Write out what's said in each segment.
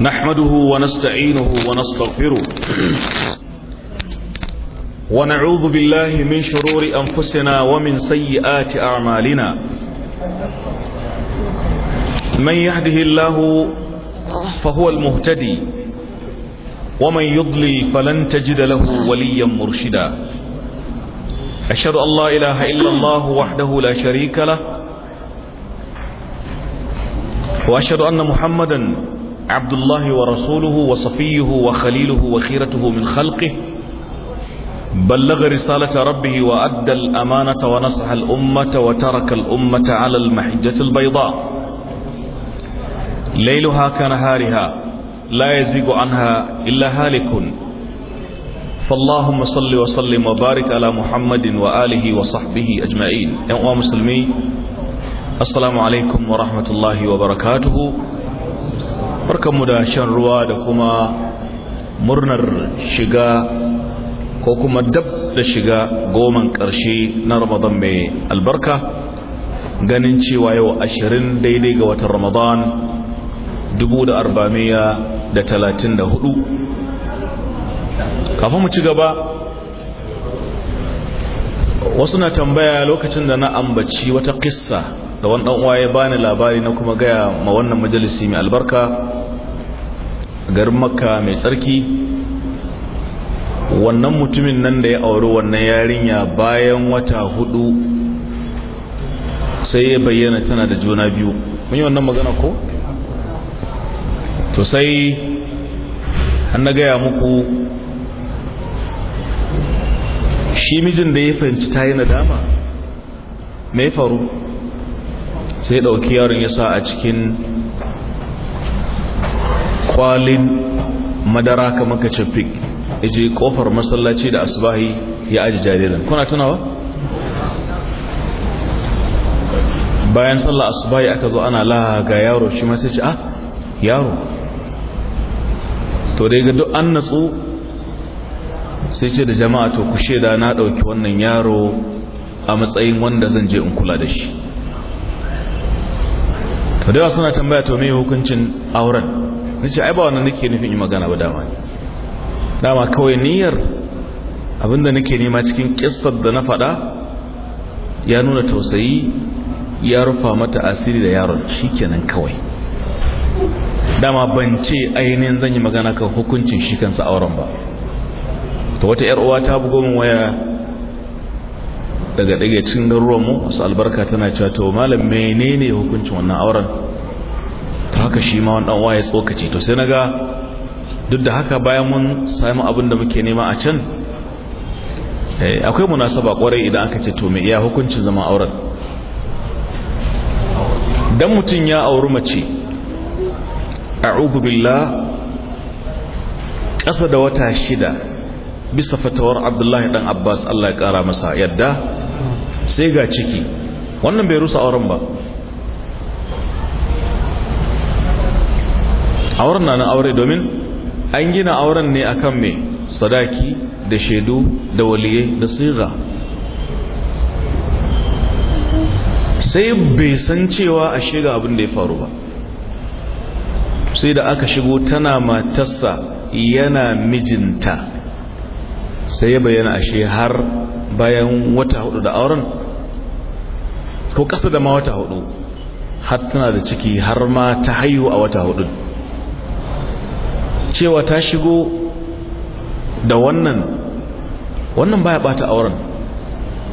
نحمده ونستعينه ونستغفره ونعوذ بالله من شرور أنفسنا ومن سيئات أعمالنا من يهده الله فهو المهتدي ومن يضلل فلن تجد له وليا مرشدا أشهد أن لا إله إلا الله وحده لا شريك له وأشهد أن محمدا عبد الله ورسوله وصفيه وخليله وخيرته من خلقه بلغ رسالة ربه وأدى الأمانة ونصح الأمة وترك الأمة على المحجة البيضاء ليلها كنهارها لا يزيغ عنها إلا هالك فاللهم صل وسلم وبارك على محمد وآله وصحبه أجمعين أمام مسلمين assalamu alaikum wa rahmatullahi wa barakatuhu barkanmu da shan ruwa da kuma murnar shiga ko kuma dab da shiga goman ƙarshe na ramadan mai albarka ganin cewa yau ashirin daidai ga watan ramadan dubu da arba'amiya da talatin da hudu kafin mu ci gaba wasu na tambaya lokacin da na ambaci wata kissa da wani dan uwa ya bani labari na kuma gaya ma wannan majalisi mai albarka garin makka mai tsarki wannan mutumin nan da ya auri wannan yarinya bayan wata hudu sai ya bayyana tana da juna biyu mun yi wannan magana ko to sai an na gaya muku shi mijin da ya fahimci ta yi nadama mai faru sai ɗauki yaron ya sa a cikin kwalin madara kamar ka cafik iji kofar masallaci da asubahi ya aji jaririn kuna tunawa bayan sallah asubahi aka zo ana laga yaro shi masu ce a, ah, yaro to dai ga duk an natsu sai ce da jama'a to ku shaida na ɗauki wannan yaro a matsayin wanda zan je in kula da shi to da yawa suna tambaya to me hukuncin auren nace ai ba wannan nake nufin yi magana ba dama ne dama kawai niyyar abinda nake nema cikin kissar da na faɗa ya nuna tausayi ya rufa mata asiri da yaron shikenan kawai dama ban ce ainihin zan yi magana kan hukuncin shi kansa auren ba to wata 'yar uwa ta bugo min waya daga daga cikin garuruwan mu su albarka tana cewa to malam menene hukuncin wannan auren ta haka shi ma wannan ya tsokace to sai naga duk da haka bayan mun samu abin da muke nema a can eh, akwai munasaba kwarai idan aka ce to me iya hukuncin zama auren dan mutum ya auri mace a'udhu billah ƙasa da wata shida bisa fatawar abdullahi dan abbas allah ya kara masa yadda sai ga ciki wannan bai rusa auren ba auren na na aure domin an gina auren ne akan mai sadaki da shaidu da waliye da siga sai bai san cewa a shiga abin da ya faru ba sai da aka shigo tana matarsa yana mijinta sai ya bayyana ashe har bayan wata hudu da auren ko kasa da ma wata hudu har tana da ciki har ma ta haihu a wata hudu cewa ta shigo da wannan wannan baya bata auren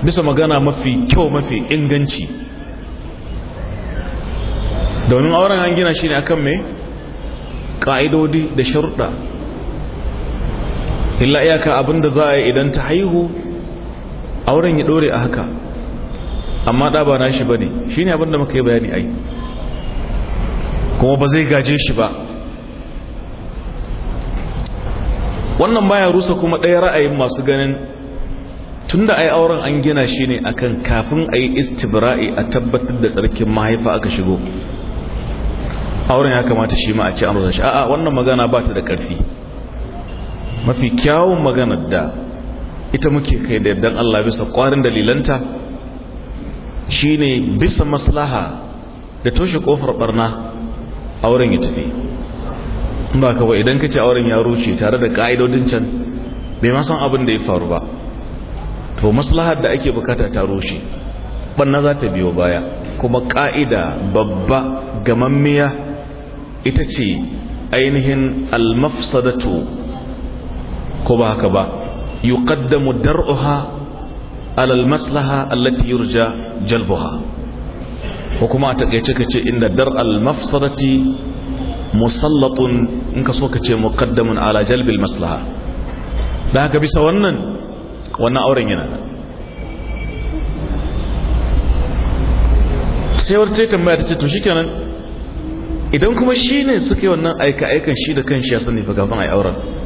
bisa magana mafi kyau mafi inganci domin auren an gina shi ne akan mai ƙa'idodi da sharuɗa illa iyaka abinda za a yi idan ta haihu auren ya ɗore a haka amma ɗa ba nashi ba ne abinda muka yi bayani ai kuma ba zai gaje shi ba wannan baya rusa kuma ɗaya ra'ayin masu ganin tunda ai auren an gina shi ne akan kafin a yi istibra'i a tabbatar da tsarkin mahaifa aka shigo auren ya kamata shi ma a ce an rusa shi a'a wannan magana ba ta da ƙarfi mafi kyawun maganar da ita muke kai da yardan Allah bisa ƙwarin dalilanta Shi ne bisa maslaha da toshe kofar barna auren ya tafi ba kawai idan ka ce auren ya rushe tare da ka'idodin can bai ma san abin da ya faru ba to maslahar da ake bukata ta rushe banna za ta biyo baya kuma ka'ida babba gamammiya ita ce ainihin almafsadatu ko ba haka ba kaddamu dar'uha al-maslaha allati yurja jalbuha ko kuma a takaice kace inda dar al-mafsadati musallatun in ka so kace muqaddamun ala jalbi maslaha da haka bisa wannan auren yana da sai wata tambaya tambayata ce to shi kenan idan kuma shine suke wannan aika aikan shi da kanshi ya sani fa a yi auren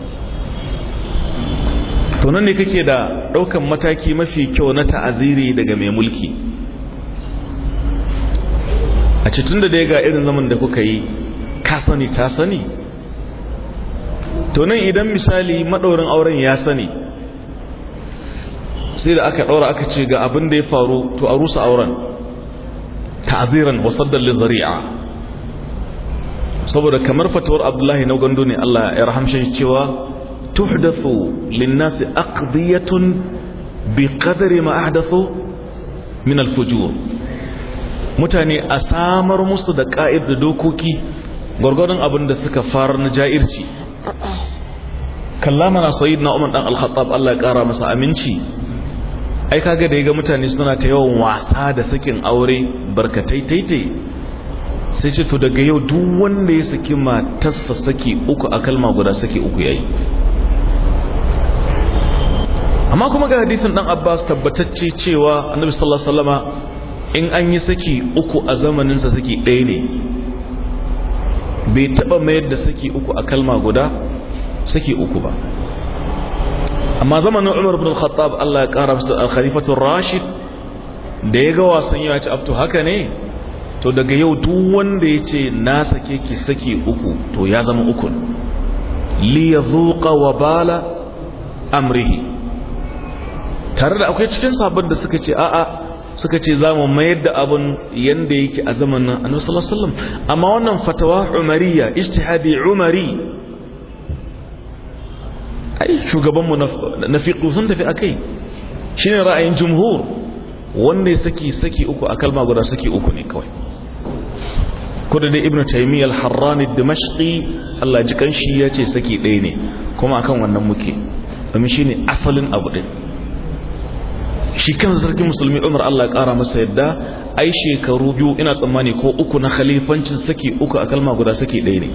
to nan ne kake da ɗaukan mataki mafi kyau na ta'aziri daga mai mulki a cikin da ga irin zaman da kuka yi ka sani ta sani to nan idan misali maɗaurin auren ya sani sai da aka ɗaura aka ce ga abin da ya faru to a rusa auren ta'aziran wasaddar lizari'a saboda kamar fatawar abdullahi na gandu ne allah ya rahamshe cewa تحدث للناس أقضية بقدر ما أحدثوا من الفجور mutane a samar musu da ka'id dokoki gwargwadon abin da suka fara na ja'irci kallama na sayid na umar dan al-khattab Allah ya kara masa aminci ai ga da yaga mutane suna ta yawan wasa da sakin aure barkataitaitai taite sai ce to daga yau duk wanda ya saki matarsa saki uku a kalma guda saki uku yayi amma kuma ga hadisin dan abbas tabbatacce cewa annabi sallallahu alaihi wasallama in an yi saki uku a zamanin sa saki ɗaya ne bai taba mayar da saki uku a kalma guda saki uku ba amma zamanin umar al khattab Allah ya kara musu al-khalifatul rashid da ya ga wasan ya ci abtu haka ne to daga yau duk wanda ya ce na sake ki saki uku to ya zama uku li yadhuqa wabala amrihi tare da akwai cikin sabon da suka ce a'a suka ce za mu mayar da abin yadda yake a zaman annabi sallallahu alaihi wasallam amma wannan fatawa umariya ijtihadi umari ai shugaban mu na fiqh sun tafi akai shine ra'ayin jumhur wanda ya saki saki uku a kalma guda saki uku ne kawai kudu da ibn taymiyyah al-harrani dimashqi Allah ji kanshi ya ce saki ɗaya ne kuma akan wannan muke domin shine asalin abu ɗin. shi kan sarkin musulmi umar allah ƙara masa yadda ai shekaru biyu ina tsammani ko uku na khalifancin saki uku a kalma guda saki ɗaya ne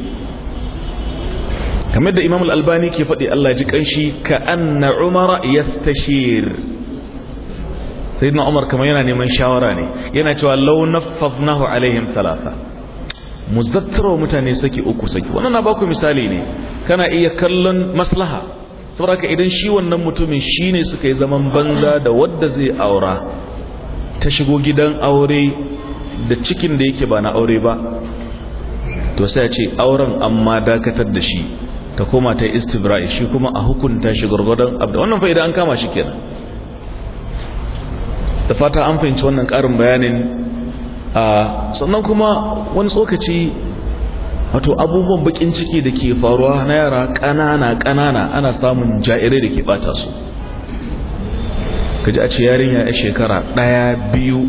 kamar da imam albani ke faɗi allah ji ƙanshi ka anna umara yastashir na umar kamar yana neman shawara ne yana cewa law naffadnahu alaihim talata. mu mutane saki uku saki wannan na baku misali ne kana iya kallon maslaha saboda idan shi wannan mutumin shine suka yi zaman banza da wadda zai aura ta shigo gidan aure da cikin da yake ba na aure ba to sai ya ce auren amma dakatar da shi ta koma ta istibra'i shi kuma a hukunta shi gurgurdan abda wannan fa'ida an kama shi kenan da fata an fahimci wannan karin bayanin a sannan kuma wani tsokaci wato abubuwan bakin ciki da ke faruwa na yara ƙanana ƙanana ana samun ja'irai da ke bata su kaji a ce yarinya ya shekara ɗaya biyu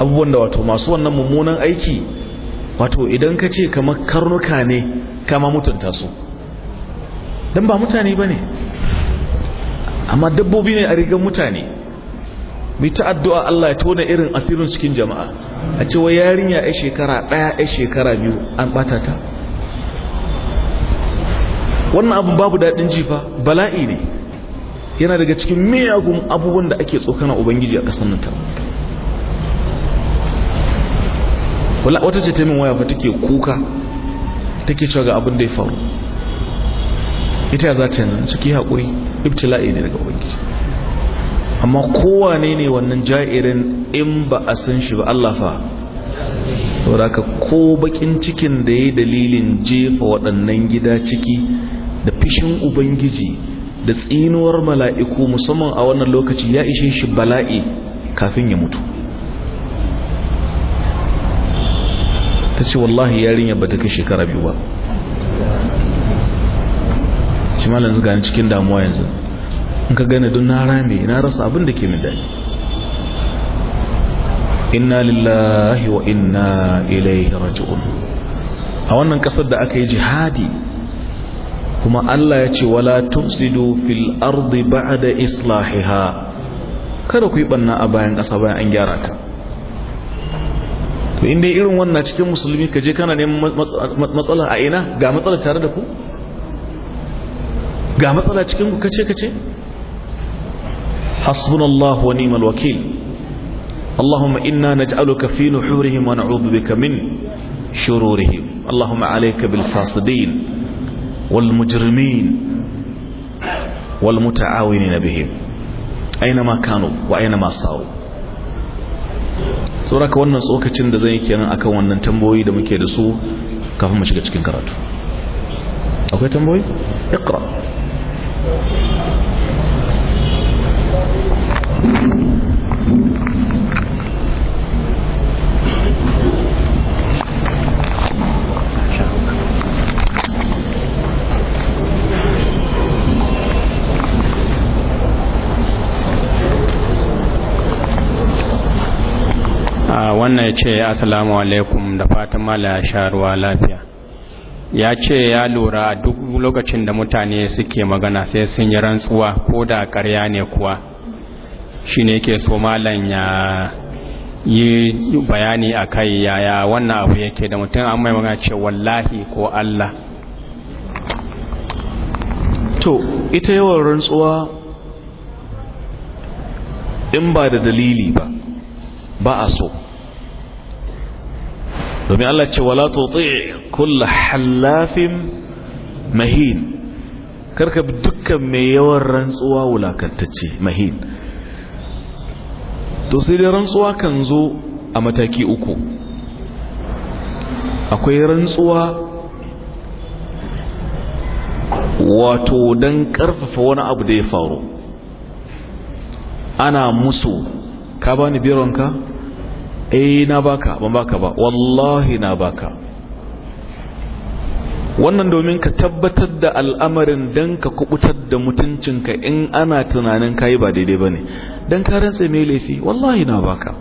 abubuwan da wato masu wannan mummunan aiki wato idan ka ce kama karnuka ne kama mutunta su don ba mutane ba ne amma dabbobi ne a rigar mutane mai ta addu'a Allah ya tona irin asirin cikin jama'a a cewa yarinya ya shekara ɗaya ya shekara biyu an ɓata ta wannan abu babu daɗin jifa bala'i ne yana daga cikin miyagun abubuwan da ake tsokana ubangiji a ƙasar nan ta wata ce taimin waya fa take kuka take cewa ga abin da ya faru ita za ta yanzu ciki haƙuri ibtila'i ne daga ubangiji amma kowane ne wannan ja'irin in ba a san shi ba Allah fa sauraka ko bakin cikin da ya dalilin jefa waɗannan gida ciki da fishin ubangiji da tsinuwar mala'iku musamman a wannan lokaci ya ishe shi bala'i kafin ya mutu ta ce wallahi yarinya ba ta kai shekara biyu ba shi malam zuga cikin damuwa yanzu in ka gane don na rame na rasa abin da ke min daɗi inna lillahi wa inna ilaihi raji'un a wannan ƙasar da aka yi jihadi kuma Allah ya ce wala tufsidu fil ardi ba'da islahiha kada ku yi banna a bayan ƙasa bayan an gyara ta to inda irin wannan cikin musulmi ka je kana neman matsala a ina ga matsala tare da ku ga matsala cikin ku kace kace حسبنا الله ونعم الوكيل اللهم إنا نجعلك في نحورهم ونعوذ بك من شرورهم اللهم عليك بالفاسدين والمجرمين والمتعاونين بهم أينما كانوا وأينما صاروا sauraka wannan tsokacin da zan yi kenan akan wannan tamboyi da muke da su kafin mu shiga cikin karatu akwai tamboyi iqra wannan ya ce asalamu alaikum da fatan mala sha ruwa lafiya ya ce ya lura duk lokacin da mutane suke magana sai sun yi rantsuwa ko da karya ne kuwa shi ne ke so malam ya yi bayani a kai yaya wannan abu yake da mutum an mai magana ce wallahi ko allah to ita yawan rantsuwa in ba da dalili ba ba a so domin Allah ce wala tuti kull halafin mahin karka bi dukkan mai yawan rantsuwa wulakantacce mahin to sai dai rantsuwa kan zo a mataki uku akwai rantsuwa wato don karfafa wani abu da ya faru ana musu ka bani bironka eh na baka ban baka ba wallahi na baka wannan domin ka tabbatar da al'amarin dan ka kubutar da mutuncinka in ana tunanin kai ba daidai ba ne ka rantsa mai laifi wallahi na baka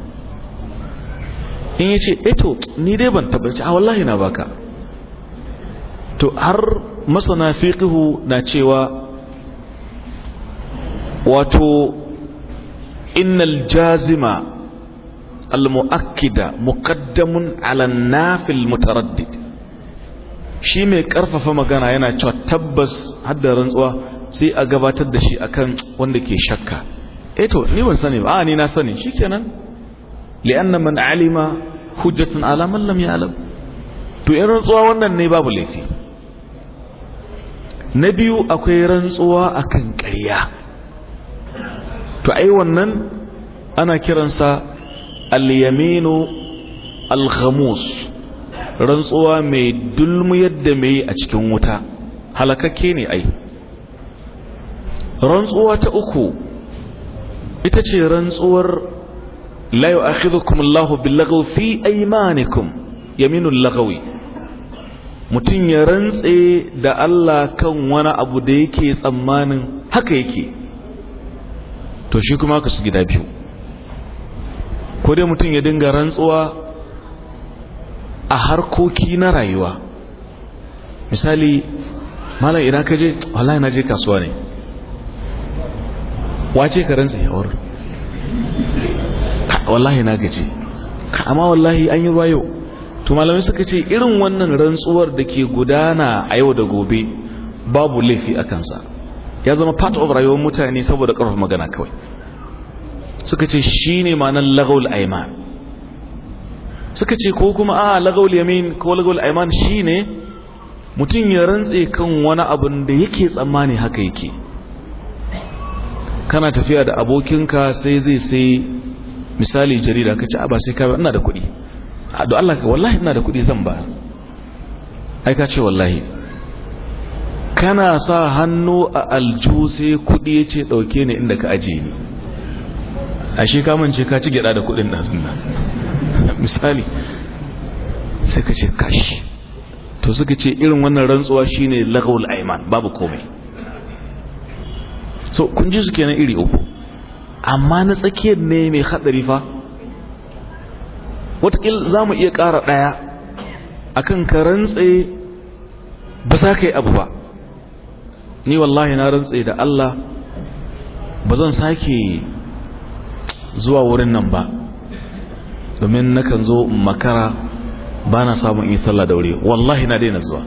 in ya ce eto eh ni dai ban tabbaci a wallahi na baka to har masana fiqhu na cewa wato innal jazima al-mu'akkida muqaddamun ala nafil mutaraddid shi mai ƙarfafa magana yana cewa tabbas hadda rantsuwa sai a gabatar da shi akan wanda ke shakka eh to ni ban sani ba a ni na sani shikenan li'anna man alima hujjatun ala man lam ya'lam to in rantsuwa wannan ne babu laifi na biyu akwai rantsuwa akan ƙarya to ai wannan ana kiransa al-yaminu al rantsuwa mai dulmu yadda mai a cikin wuta halakakke ne ai rantsuwa ta uku ita ce rantsuwar la yu'akhidhukum Allahu bil mutum ya rantse da Allah kan wani abu da yake tsammanin haka yake to shi kuma ka su gida biyu ko dai mutum ya dinga rantsuwa a harkoki na rayuwa misali malam idan ka je wallahi na je kasuwa ne wace ka rantsa ya wurin wallahi na gaji amma wallahi an yi ruwa yau to malamai suka ce irin wannan rantsuwar da ke gudana a yau da gobe babu laifi a kansa ya zama part of rayuwar mutane saboda ƙarfafa magana kawai suka ce shi ne ma'anar lagawul aiman suka ce ko kuma a lagawul yamin ko lagawul aiman shine mutum ya rantse kan wani abin da yake tsammani haka yake kana tafiya da abokinka sai zai sai misali jarida ka ci ba sai ka ina da kuɗi a da Allah ka wallahi ina da kuɗi zan ba ai ka ce wallahi kana sa hannu a aljo sai kuɗi ya ce ɗauke ne inda ka ajiye ni ashe ka mance ka ci gyada da kudin ɗazun nan misali sai ka ce kashi to suka ce irin wannan rantsuwa shine lagawul aiman babu komai so kun ji su kenan iri uku amma na tsakiyar ne mai haɗari fa watakil za mu iya ƙara ɗaya a kan ka rantse ba za ka yi abu ba ni wallahi na rantse da Allah ba zan sake zuwa wurin nan ba domin nakan zo makara ba na samun yi sallah da wuri wallahi na daina zuwa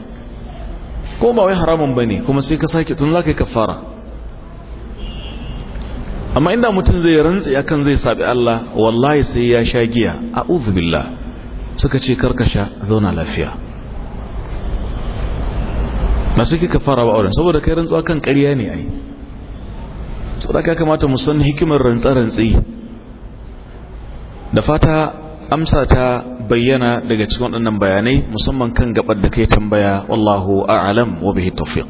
ko ba wai haramun ba ne kuma sai ka sake tun za ka yi kafara amma inda mutum zai rantsi akan zai sabi Allah wallahi sai ya sha giya a billah suka ce karkasha zauna lafiya na suke kafara ba auren saboda kai rantsuwa kan ƙarya ne ai tsoraka ka kamata mu san hikimar rantsa-rantsi da fata amsa ta bayyana daga cikin waɗannan bayanai musamman kan gabar da kai tambaya wallahu a'lam wa bihi tawfiq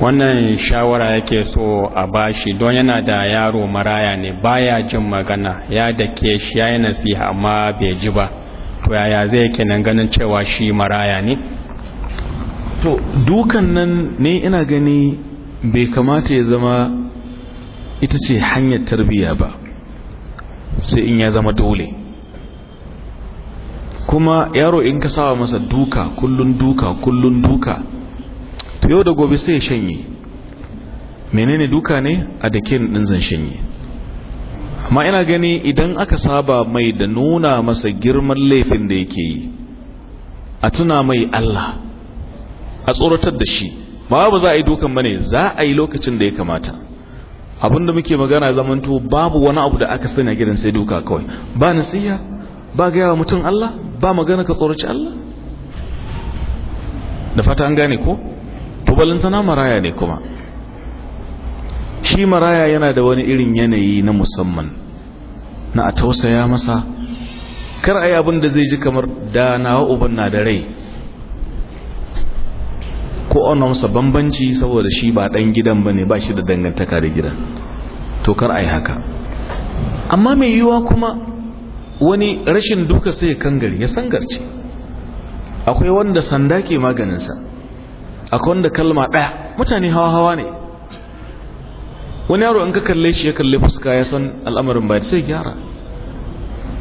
wannan shawara yake so a bashi don yana da yaro maraya ne baya jin magana ya dake shi ya nasiha amma bai ji ba to yaya zai kenan ganin cewa shi maraya ne to dukan nan ne ina gani bai kamata ya zama ita ce hanyar tarbiyya ba sai in ya zama dole kuma yaro in ka sawa masa duka kullun duka kullun duka to yau da gobe sai ya shanye menene duka ne a dakin din zan shanye amma ina gani idan aka saba mai da nuna masa girman laifin da yake yi a tuna mai Allah a tsoratar da shi ba ba za a yi dukan bane za a yi lokacin da ya kamata da muke magana zamanto babu wani abu da aka sani a gidan sai duka kawai ba nasiya ba gaya wa mutum Allah ba magana ka tsoraci Allah da fata an gane ko to maraya ne kuma shi maraya yana da wani irin yanayi na musamman na a tausaya masa kar a yi abin da zai ji kamar da nawa uban na da rai ko ana masa bambanci saboda shi ba dan gidan ba ne ba shi da dangantaka da gidan to kar ai haka amma mai yiwa kuma wani rashin duka sai ya kangare ya sangarce akwai wanda sanda ke maganinsa akwai wanda kalma ɗaya mutane hawa-hawa ne wani yaro in ka kalle shi ya kalle fuska ya san al'amarin ba sai gyara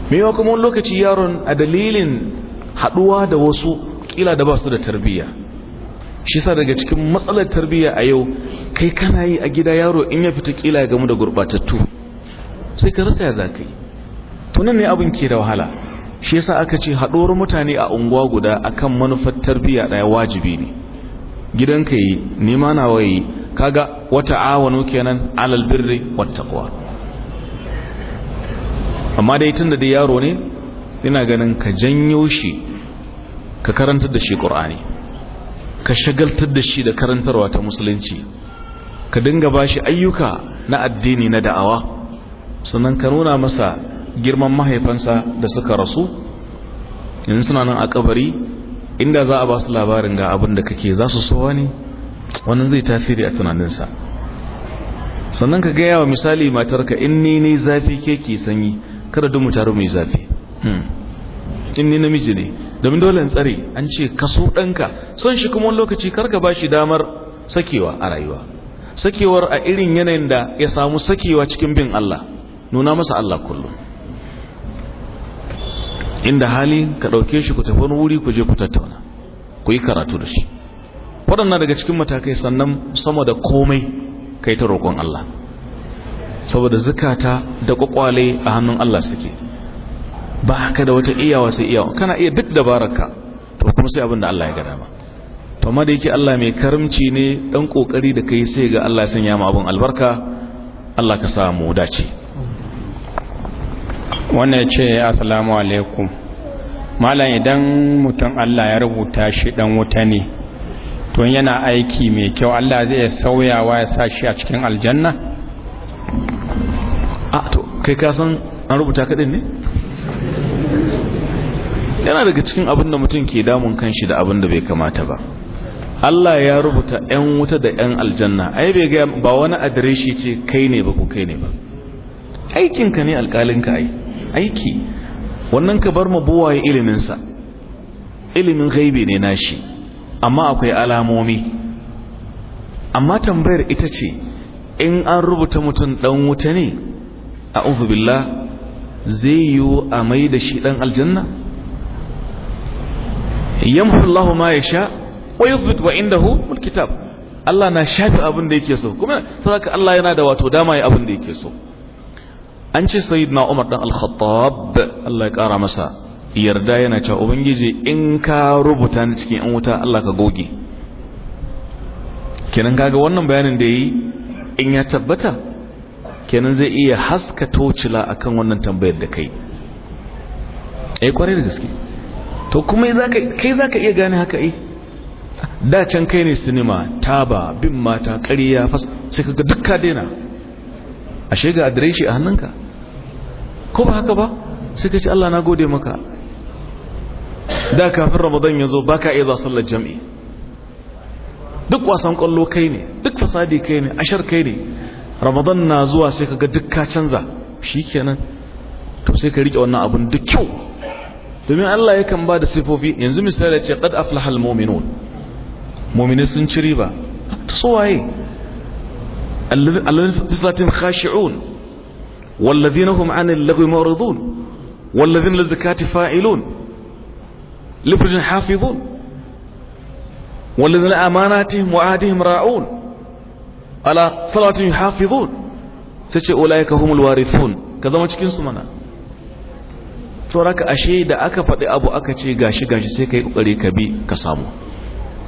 maiwa kuma wani lokaci yaron a dalilin haɗuwa da wasu kila da ba su da tarbiyya shi sa daga cikin matsalar tarbiyya a yau kai kana yi a gida yaro in ya fita kila ya gamu da gurbatattu sai ka rasa ya za ka yi tunan ne abin ke da wahala shi yasa aka ce haɗuwar mutane a unguwa guda akan manufar tarbiyya ɗaya wajibi ne Gidan ka yi nema na yi kaga wata awanu kenan alal birri wata kuwa. amma dai da dai yaro ne ina ganin ka janyo shi ka karantar da shi ƙur'ani. ka shagaltar da shi da karantarwa ta musulunci ka dinga ba shi ayyuka na addini na da'awa sannan ka nuna masa girman mahaifansa da suka rasu yanzu suna nan a kabari inda za a ba su labarin ga abin da kake za su sowa ne wannan zai tasiri a tunaninsa sannan ka gaya wa misali matarka in ni ne zafi ke ke sanyi kada duk mu mai zafi hmm. in ni namiji ne domin dole in tsare an ce kaso ɗanka son shi kuma lokaci karka ba shi damar sakewa a rayuwa sakewar a irin yanayin da ya samu sakewa cikin bin Allah nuna masa Allah kullum inda hali ka ɗauke shi ku tafi wuri ku je ku tattauna ku yi karatu da shi waɗannan daga cikin matakai sannan sama da komai kai ta roƙon Allah saboda zukata da ƙwaƙwale a hannun Allah suke ba ka da wata iyawa sai iyawa kana iya duk dabararka to kuma sai abin da Allah ya ga dama to amma da yake Allah mai karimci ne dan kokari da kai sai ga Allah ya sanya mu abin albarka Allah ka sa mu dace wannan yace assalamu alaikum malam idan mutum Allah ya rubuta shi dan wuta ne to yana aiki mai kyau Allah zai sauyawa ya sa shi a cikin aljanna a to kai ka san an rubuta kaɗin ne yana daga cikin abin da mutum ke damun kanshi da abin da bai kamata ba Allah ya rubuta 'yan wuta da 'yan aljanna ai bai ga ba wani adireshi ce kai ne ba ko kai ne ba aikinka ne alƙalinka ai aiki wannan ka bar ma buwaye iliminsa ilimin ghaibi ne nashi amma akwai alamomi amma tambayar ita ce in an rubuta mutum ɗan wuta ne a billah zai yiwu a mai da shi ɗan aljanna yamhu Allahu ma yasha wa yuthbit wa indahu alkitab Allah na shafi abin da yake so kuma saboda Allah yana da wato dama ya abin da yake so an ce sayyidina Umar dan al-Khattab Allah ya kara masa yarda yana cewa ubangiji in ka rubuta ni cikin an wuta Allah ka goge kenan kaga wannan bayanin da yi in ya tabbata kenan zai iya haska tocila akan wannan tambayar da kai eh kwarai da gaske to kuma kai za ka iya gane haka yi da kai ne sinima taba bin mata kariya sai ka ga dukka daina a shiga adireshi a hannunka ko ba haka ba sai ka ci Allah na gode maka da kafin ramadan ya zo ba ka iya zuwa sallar jam'i duk wasan kwallo kai ne duk fasadi kai ne ashar kai ne ramadan na zuwa sai ka ga duk canza shi kenan to sai ka riƙe wannan abin da kyau domin Allah yakan ba da sifofi yanzu misali ya ce qad aflahal mu'minun mu'mini sun ci riba to so waye alladhina fi salatin khashi'un walladhina hum 'anil lagwi mu'ridun والذين للزكاة فاعلون لفرج حافظون والذين لأماناتهم وعهدهم راعون على صلاتهم يحافظون سيئ أولئك هم الوارثون كذا ما تشكين سمنا tsoraka ashe da aka faɗi abu aka ce gashi gashi sai ka yi ƙoƙari ka bi ka samu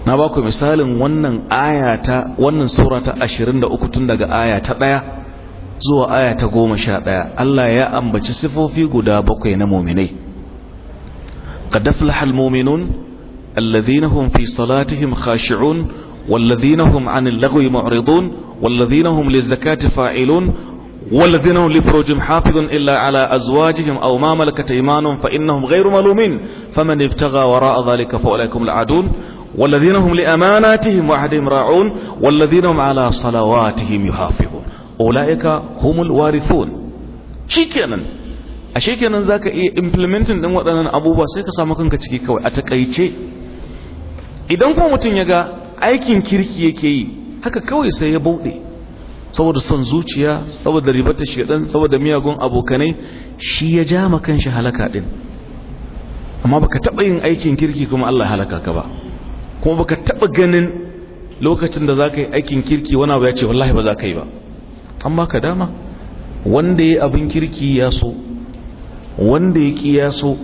na ba ku misalin wannan ayata wannan sura ta 23 tun daga aya ta ɗaya zuwa aya ta goma sha ɗaya Allah ya ambaci sifofi guda bakwai na muminai qad aflaha almu'minun alladhina hum fi salatihim khashi'un والذين هم عن اللغو معرضون lizzakati fa'ilun والذين هم لفروجهم حافظ إلا على أزواجهم أو ما ملكت إيمانهم فإنهم غير ملومين فمن ابتغى وراء ذلك فأولئك العدون والذين هم لأماناتهم وعهدهم راعون والذين هم على صلواتهم يحافظون أولئك هم الوارثون شكرا ashe kenan zaka iya implementing din waɗannan abubuwa sai ka samu kanka ciki kawai a takaice idan kuma mutum ya ga aikin kirki yake yi haka kawai sai ya bauɗe saboda son zuciya saboda ribatar shedan saboda miyagun abokanai shi ya ja ma shi halaka din amma baka taba yin aikin kirki kuma Allah halaka ka ba kuma baka taba ganin lokacin da zaka yi aikin kirki wani abu ya ce wallahi ba za ka yi ba an baka dama wanda ya abin kirki ya so wanda ya ki ya so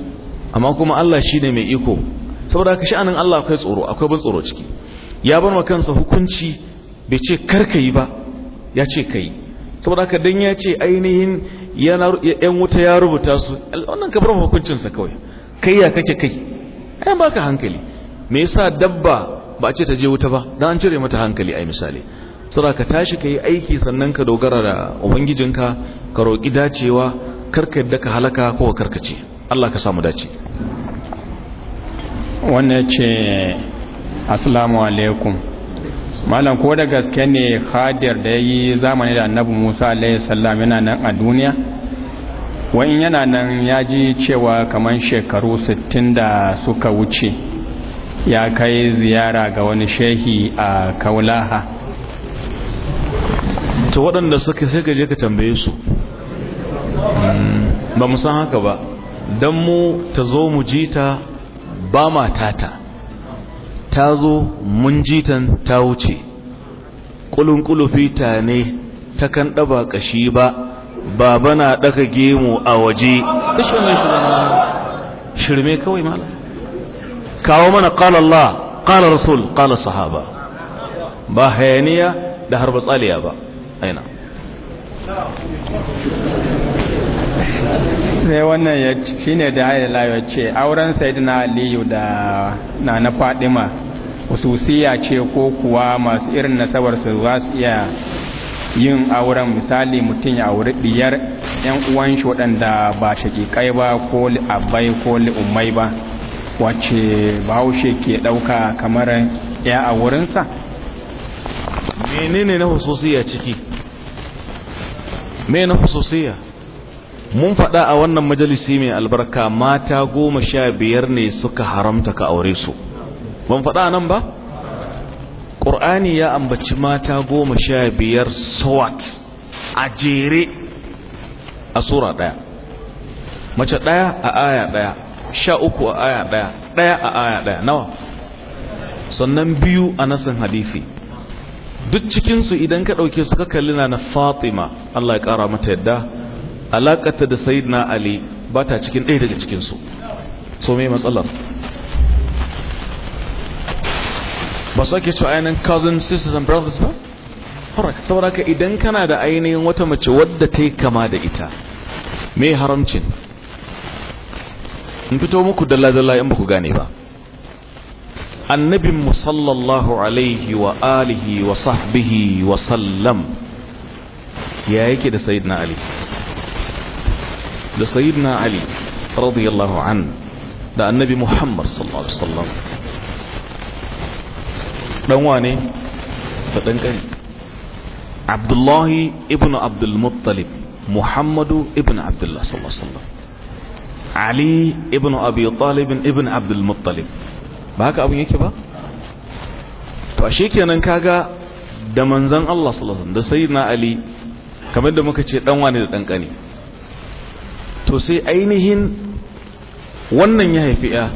amma kuma Allah shi ne mai iko saboda haka sha'anin Allah akwai tsoro akwai ban tsoro ciki ya bar ma kansa hukunci bai ce karka yi ba ya ce ka yi saboda haka don ya ce ainihin yan wuta ya rubuta su wannan ka bar hukuncinsa kawai kai ya kake kai ai ba ka hankali me yasa dabba ba ce ta je wuta ba dan an cire mata hankali a misali saboda ka tashi ka yi aiki sannan ka dogara da ubangijinka ka roƙi dacewa karka yadda ka halaka ko karkace Allah ka samu dace wannan ce assalamu alaikum malam ko da gaske ne khadir da yi zamani da annabi musa alayhi salam yana nan a duniya wani yana nan ya ji cewa kamar shekaru 60 da suka wuce ya kai ziyara ga wani shehi a kaulaha to waɗanda suka sai gaje ka tambaye su hmm, ba mu san haka ba don mu ta zo mu ji ta ba ma tata ta zo mun jitan ta wuce kulun ta ne ta kan daba kashi ba baba na daka gemu a waje shirme kawai malam kawo mana qala Allah qala rasul qala sahaba ba hayaniya da harba tsaliya ba aina sai wannan ya shine da ayyala ya ce auren sayyidina aliyu da na na fadima hususiya ce ko kuwa masu irin nasabar su za su iya yin auren misali mutum ya auri biyar yan uwan shi waɗanda ba shakikai ba ko abai ko li'ummai ba wacce bahaushe ke ɗauka kamar ya a wurinsa menene na hususiya ciki me na hususiya mun faɗa a wannan majalisi mai albarka mata goma sha biyar ne suka haramta ka aure su ban faɗa nan ba ƙur'ani ya ambaci mata goma sha biyar swat a jere a sura ɗaya mace ɗaya a aya ɗaya sha uku a aya ɗaya ɗaya a aya ɗaya nawa sannan biyu a nasin hadisi. duk cikinsu idan ka ɗauke suka kalli na na fatima allah ya ƙara mata yadda alaƙata da sayid ali ba ta cikin ɗaya daga cikinsu so me matsalar ba su ake cewa ainihin cousin sisters and brothers ba alright saboda ka idan kana da ainihin wata mace wadda ta yi kama da ita me haramcin in fito muku dalla-dalla in baku gane ba annabin musallallahu alaihi wa alihi wa sahbihi wa sallam ya yake da sayyidina ali da sayyidina ali radiyallahu an da annabi muhammad sallallahu alaihi wa sallam. dan wane da dan kai Abdullahi ibn Abdul Muttalib Muhammadu ibn Abdullah sallallahu alaihi wasallam Ali ibn Abi Talib ibn Abdul Muttalib ba haka abun yake ba to ashe kenan kaga da manzon Allah sallallahu alaihi wasallam da sayyidina Ali kamar da muka ce dan wane da dan kani to sai ainihin wannan ya haifi ya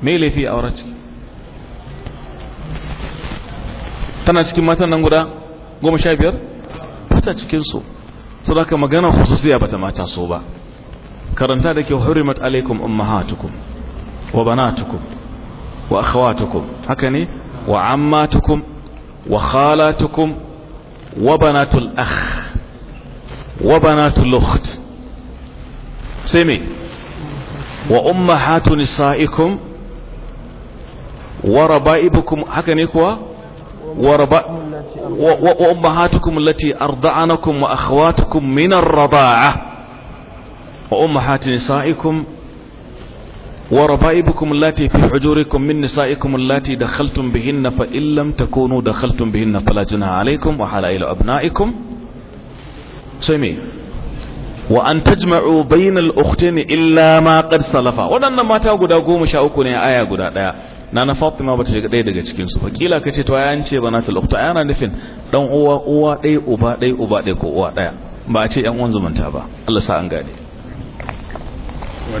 mai laifi a aure tana cikin matan nan guda goma sha biyar bata cikinsu su da ka magana hususiya bata mata so ba karanta da ke hurimat alaikum ummahatukum wa banatukum wa akhawatukum haka ne wa ammatukum wa khalatukum wa banatul akh wa banatul ukht sai me wa ummahatu nisaikum wa raba'ibukum haka ne kuwa ورب... وأمهاتكم التي أرضعنكم وأخواتكم من الرضاعة وأمهات نسائكم وربائبكم التي في حجوركم من نسائكم التي دخلتم بهن فإن لم تكونوا دخلتم بهن فلا جناح عليكم وحلائل أبنائكم سمي وأن تجمعوا بين الأختين إلا ما قد سلفا ولن ما تقول أقوم مشاوكم آية قد na na fatima ba ta shiga ɗaya daga cikinsu su kace ka ce to ya ce ba na talakta yana nufin dan uwa uwa ɗaya uba ɗaya uba ɗaya ko uwa ɗaya ba a ce yan uwan zumunta ba allah sa an gade.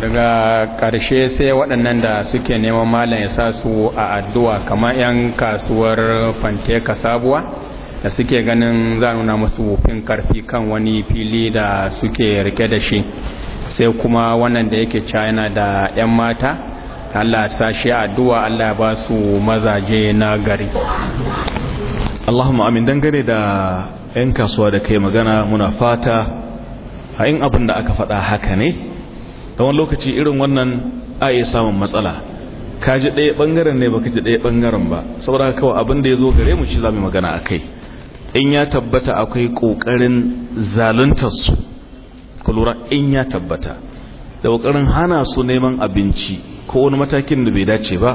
daga ƙarshe sai waɗannan da suke neman malam ya sa su a addu'a kamar 'yan kasuwar fanteka sabuwa da suke ganin za nuna musu wufin karfi kan wani fili da suke rike da shi sai kuma wannan da yake china da 'yan mata Allah ya sashi addu'a Allah ba su mazaje na gari Allahumma amin dangane da 'yan kasuwa da kai magana muna fata a in abin da aka faɗa haka ne da wani lokaci irin wannan ayi samun matsala ka ji ɗaya ɓangaren ne ba ka ji ɗaya ɓangaren ba saboda kawai abin da ya zo gare mu shi za mu magana a kai in ya tabbata akwai ƙoƙarin zaluntarsu ku lura in ya tabbata da ƙoƙarin hana su neman abinci ko wani matakin da bai dace ba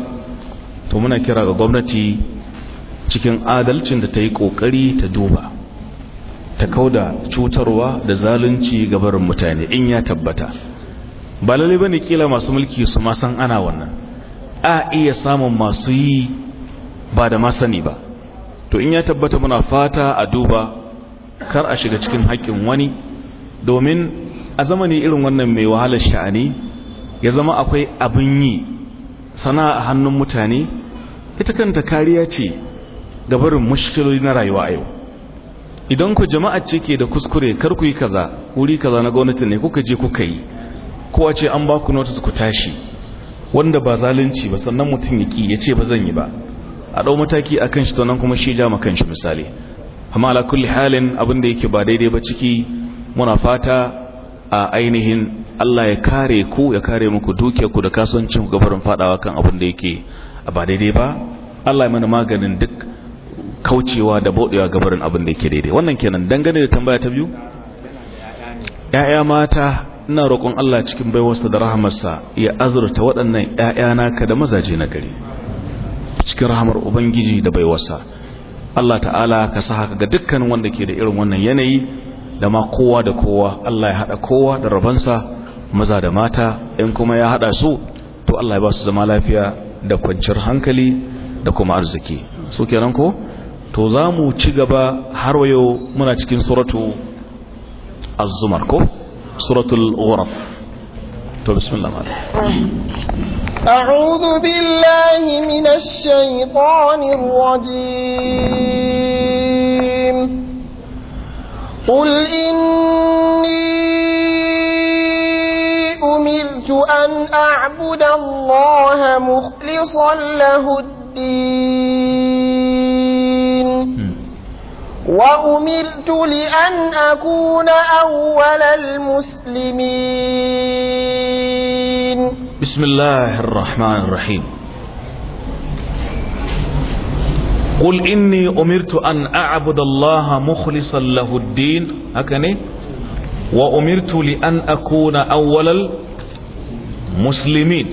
to muna kira ga gwamnati cikin adalcin da ta yi ƙoƙari ta duba ta kauda cutarwa da zalunci ga barin mutane in ya tabbata ba lalle ne kila masu mulki su masan ana wannan a iya samun masu yi ba da masani ba to in ya tabbata muna fata a duba kar a shiga cikin haƙƙin wani domin a zamani irin wannan mai wahalar sha'ani ya zama akwai abin yi sana'a a hannun mutane ita kanta kariya ce ga barin mushkiloli na rayuwa a yau idan ku jama'a ce ke da kuskure kar ku yi kaza wuri kaza na gwamnati ne kuka je kuka yi kowa ce an ba ku notice ku tashi wanda ba zalunci ba sannan mutum ya ya ce ba zan yi ba a ɗau mataki a kan shi tonan kuma shi ja ma kan shi misali amma ala kulli halin abin da yake ba daidai ba ciki muna fata a ainihin Allah ya kare ku ya kare muku dukiyarku da kasuwancin gabarin fadawa kan abin da yake ba daidai ba Allah ya mana maganin duk kaucewa da bodewa gabarin abin da yake daidai wannan kenan dangane da tambaya ta biyu ƴaƴa mata ina roƙon Allah cikin baiwarsa da rahamarsa ya azurta waɗannan ƴaƴa naka da mazaje na gari cikin rahamar ubangiji da baiwarsa Allah ta'ala ka sa haka ga dukkan wanda ke da irin wannan yanayi da ma kowa da kowa Allah ya haɗa kowa da rabansa maza da mata in kuma ya haɗa su to Allah ya ba su zama lafiya da kwanciyar hankali da kuma arziki so kenan ko to za mu ci gaba har wayo muna cikin suratu az-zumar ko suratul ghuraf to bismillah أعوذ بالله من الشيطان الرجيم قل إني أمرت أن أعبد الله مخلصا له الدين hmm. وأمرت لأن أكون أول المسلمين بسم الله الرحمن الرحيم قل إني أمرت أن أعبد الله مخلصا له الدين هكذا وأمرت لأن أكون أول المسلمين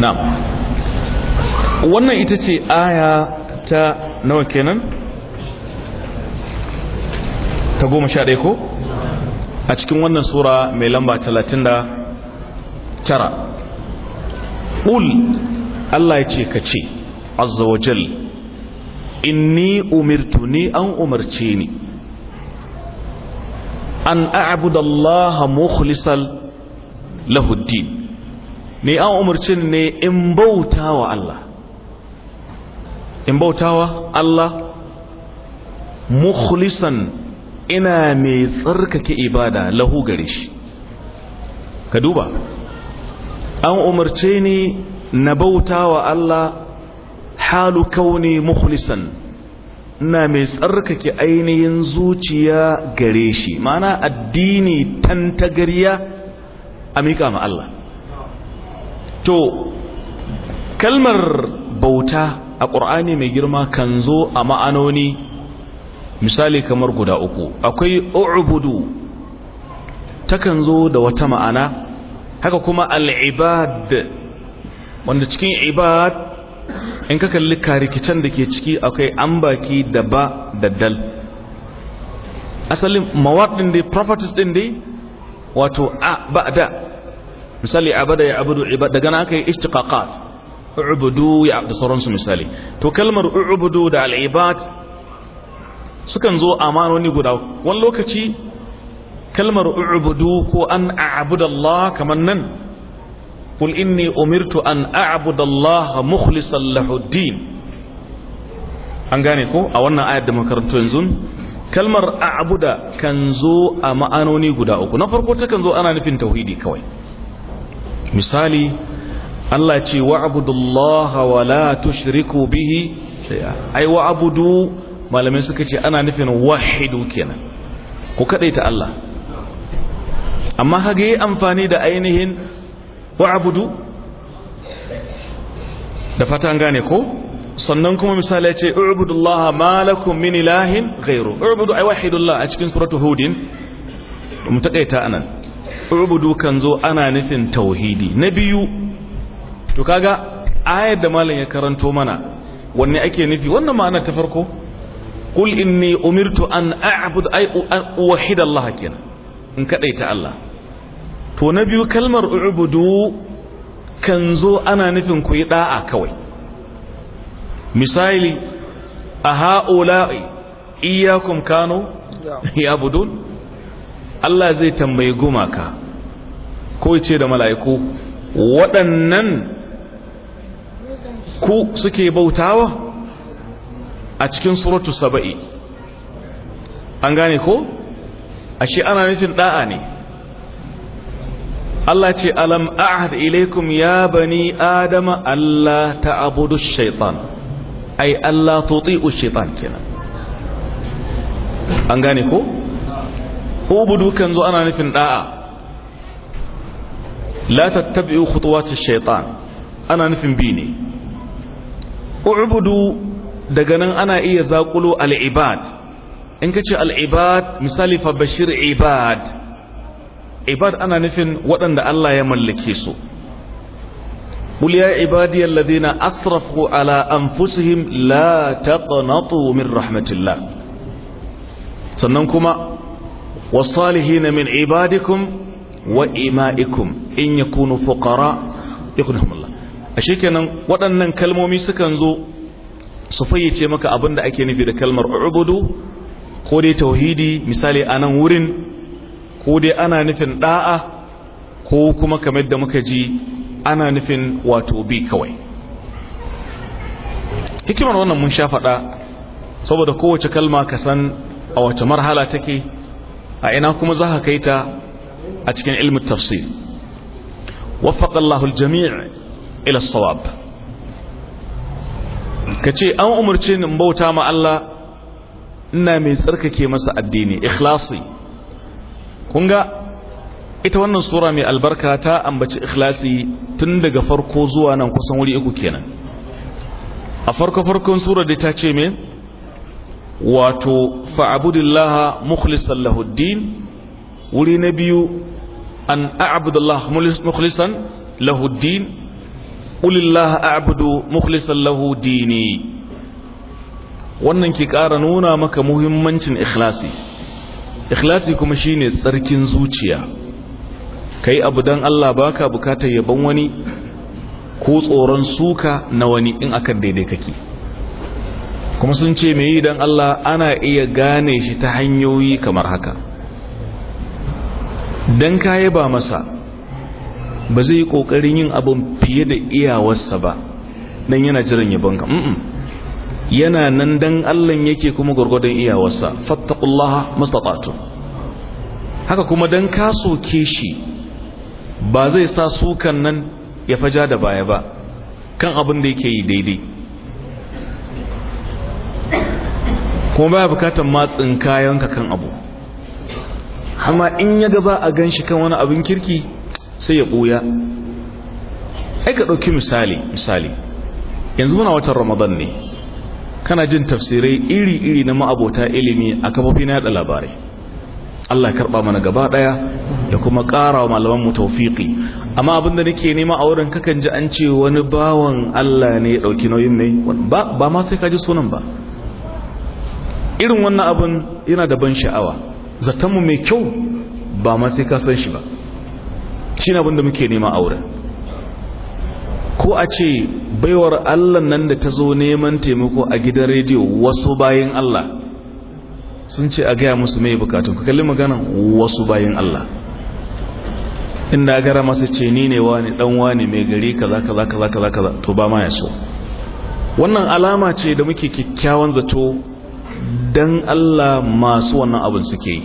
نعم wannan ita ce aya ta nawa kenan ta goma sha ɗaya ko a cikin wannan sura mai lamba talatin da tara ƙul Allah ya ce ka ce azza wa inni umirtu ni an umarce ni an a'budu Allah mukhlisal lahu din ni an umarcin ne in bautawa Allah in bautawa Allah mukhlisan ina mai tsarkake ibada lahu gare shi ka duba an umarce ni na bauta wa Allah halu kauni mukhlisan ina mai tsarkake ainihin zuciya gare shi mana addini tantagariya a miƙa ma Allah to kalmar bauta a ƙur'ani mai girma kan zo a ma'anoni misali kamar guda uku akwai u'budu takan zo da wata ma'ana haka kuma al'ibad wanda cikin ibad in ka kalli karikicen da ke ciki akwai an baki da ba da dal asalin mawar din dai properties ɗin dai wato a ba da misali abada ya abudu ibad daga na aka yi ishtiqaqat ubudu ya da sauransu misali to kalmar ubudu da al'ibad sukan zo a manoni guda wani lokaci kalmar ubudu ko an a'budu Allah kamar nan قل إني أمرت أن أعبد الله مخلصا له الدين an gane ko a wannan aya da makarantu yanzu kalmar a'buda kan zo a ma'anoni guda uku na farko ta kan zo ana nufin tauhidi kawai misali Allah ce wa'budullaha wa la tushriku bihi ai wa'budu malamai suka ce ana nufin wahidu kenan ku kadaita Allah amma kage amfani da ainihin wa abudu da fatan gane ko sannan kuma misali ya ce ubudullaha malakum min ilahin ghairu ubudu ay wahidullah a cikin suratu hudin mu takaita anan ubudu kan zo ana nufin tauhidi na biyu to kaga ayar da malam ya karanto mana wanne ake nufi wannan ma'ana ta farko qul inni umirtu an a'budu ay wahidallah kenan in kadaita Allah to na biyu kalmar ubudu kan zo ana nufin ku yi da'a kawai misali a ha'ula'i iyakun kano ya budun Allah zai tambayi gumaka ko ce da mala'iku waɗannan ku suke bautawa a cikin suratu saba'i an gane ko ashe ana nufin da'a ne Allah ce alam a'ad ilaikum ya bani adama Allah ta'budu shaytan ai Allah tuti'u shaytan kenan an gane ko ubudu kan zo ana nufin da'a la tattabi'u khutuwati shaytan ana nufin bi ne ubudu daga nan ana iya zakulo al-ibad in kace al-ibad misali fa bashir ibad ibad ana nufin waɗanda Allah ya mallake su قل يا عبادي الذين أسرفوا على أنفسهم لا تقنطوا من رحمة الله سننكم والصالحين من عبادكم وإمائكم إن يكونوا فقراء يغنهم الله أشيكنا وأن كلمة ميسكن ذو صفية تيمك أبند أكيني في كلمة عبدو قولي توهيدي مثالي أنا ورن ko dai ana nufin da'a ko kuma kamar da muka ji ana nufin wato bi kawai hikimar wannan mun sha faɗa saboda kowace kalma ka san a wace marhala take a ina kuma za ka kai ta a cikin ilmin tafsir waffaqa Allahu ila sawab. Ka kace an umarci ni bauta ma Allah ina mai tsarkake masa addini ikhlasi kun ga ita wannan sura mai albarka ta ambaci ikhlasi tun daga farko zuwa nan kusan wuri uku kenan a farko farkon sura da ta ce me wato fa'abudillaha mukhlisan lahuddin wuri na biyu an a'budullah mukhlisan lahuddin qulillaha a'budu mukhlisan lahu wannan ki ƙara nuna maka muhimmancin ikhlasi ikhlasi kuma shine tsarkin zuciya kai abu dan Allah baka bukatar yaban wani ko tsoron suka na wani in akan daidai kake kuma sun ce me yi dan Allah ana iya gane shi ta hanyoyi kamar haka dan kai ba masa ba zai yi kokarin yin abun fiye da iyawarsa ba dan yana jiran yabonka mm yana nan dan Allah yake kuma gurgurdan iyawarsa fattaqullaha mustata'tum haka kuma dan ka soke shi ba zai sa sukan nan ya faja da baya ba kan abin da yake yi daidai kuma baya bukatan matsin kayanka kan abu amma in ya ga za a ganshi kan wani abin kirki sai ya buya ai ka ɗauki misali misali yanzu muna watan ramadan ne kana jin tafsirai iri-iri na ma'abota ilimi a kafofi na yada labarai Allah ya karba mana gaba daya ya kuma kara wa malaman mu tawfiki amma abinda nake nema a wurin kakan ji an ce wani bawan Allah ne ya dauki nauyin ne ba ma sai ka ji sunan ba irin wannan abin yana da ban sha'awa zatanmu mai kyau ba ma sai ka san shi ba shine abinda muke nema a wurin ko a ce baiwar allah nan da ta zo neman taimako a gidan rediyo wasu bayan allah sun ce a gaya musu mai bukatun ka kalli magana wasu bayan allah inda gara masa ce ni ne wani dan wani mai gari kaza kaza kaza kaza kaza to ba ma ya so wannan alama ce da muke kyakkyawan zato dan Allah masu wannan abin suke yi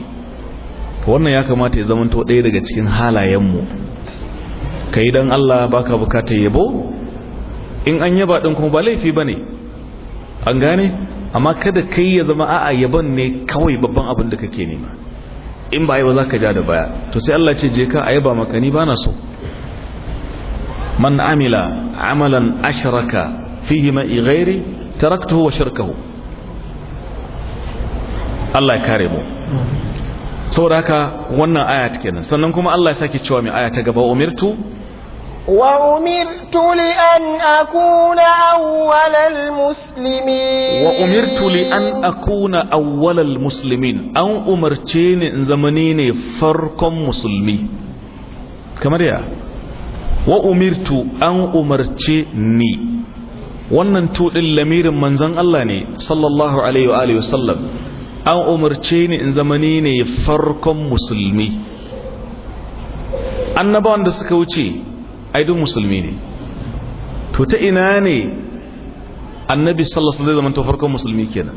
wannan ya kamata ya zamanto ɗaya daga cikin halayenmu ka yi don Allah baka bukatar yabo in an yaba ɗin kuma ba laifi ba ne an gane amma kada kai ya zama a'a yaban ne kawai babban abin da kake nema in ba yaba zaka za ka ja da baya to sai Allah ce je ka a yaba maka ni ba na so man amila amalan ashraka fihi ma ghairi taraktuhu wa shirkahu Allah ya kare mu saboda haka wannan aya kenan sannan kuma Allah ya sake cewa mai aya ta gaba umirtu وأمرت لأن أكون أول المسلمين وأمرت لأن أكون أول المسلمين أو farkon musulmi, فرق مسلمي Wa ريا an umarce ni wannan tudin lamirin manzon Allah ne sallallahu alaihi wa alihi wasallam an umarce ni in zama ni ne farkon musulmi annabawan da suka wuce aidun musulmi ne to ta ina ne annabi sallallahu zama wasallam farkon musulmi kenan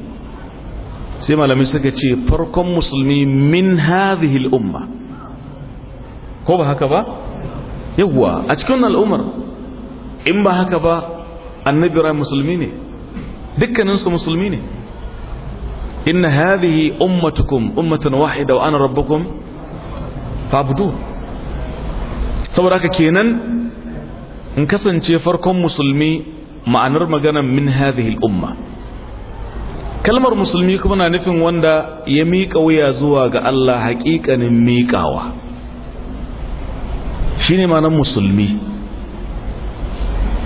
sai malamai suka ce farkon musulmi min hadhihi al-umma ko ba haka ba yawwa a cikin al'ummar in ba haka ba annabi ra musulmi ne dukkaninsu musulmi ne inna hadhihi ummatukum ummatan wahida wa ana rabbukum fa'budu saboda haka kenan in kasance farkon musulmi ma'anar maganar min hadhihi umma kalmar musulmi kuma na nufin wanda ya miƙa wuya zuwa ga Allah haƙiƙanin miƙawa shine ma'anar musulmi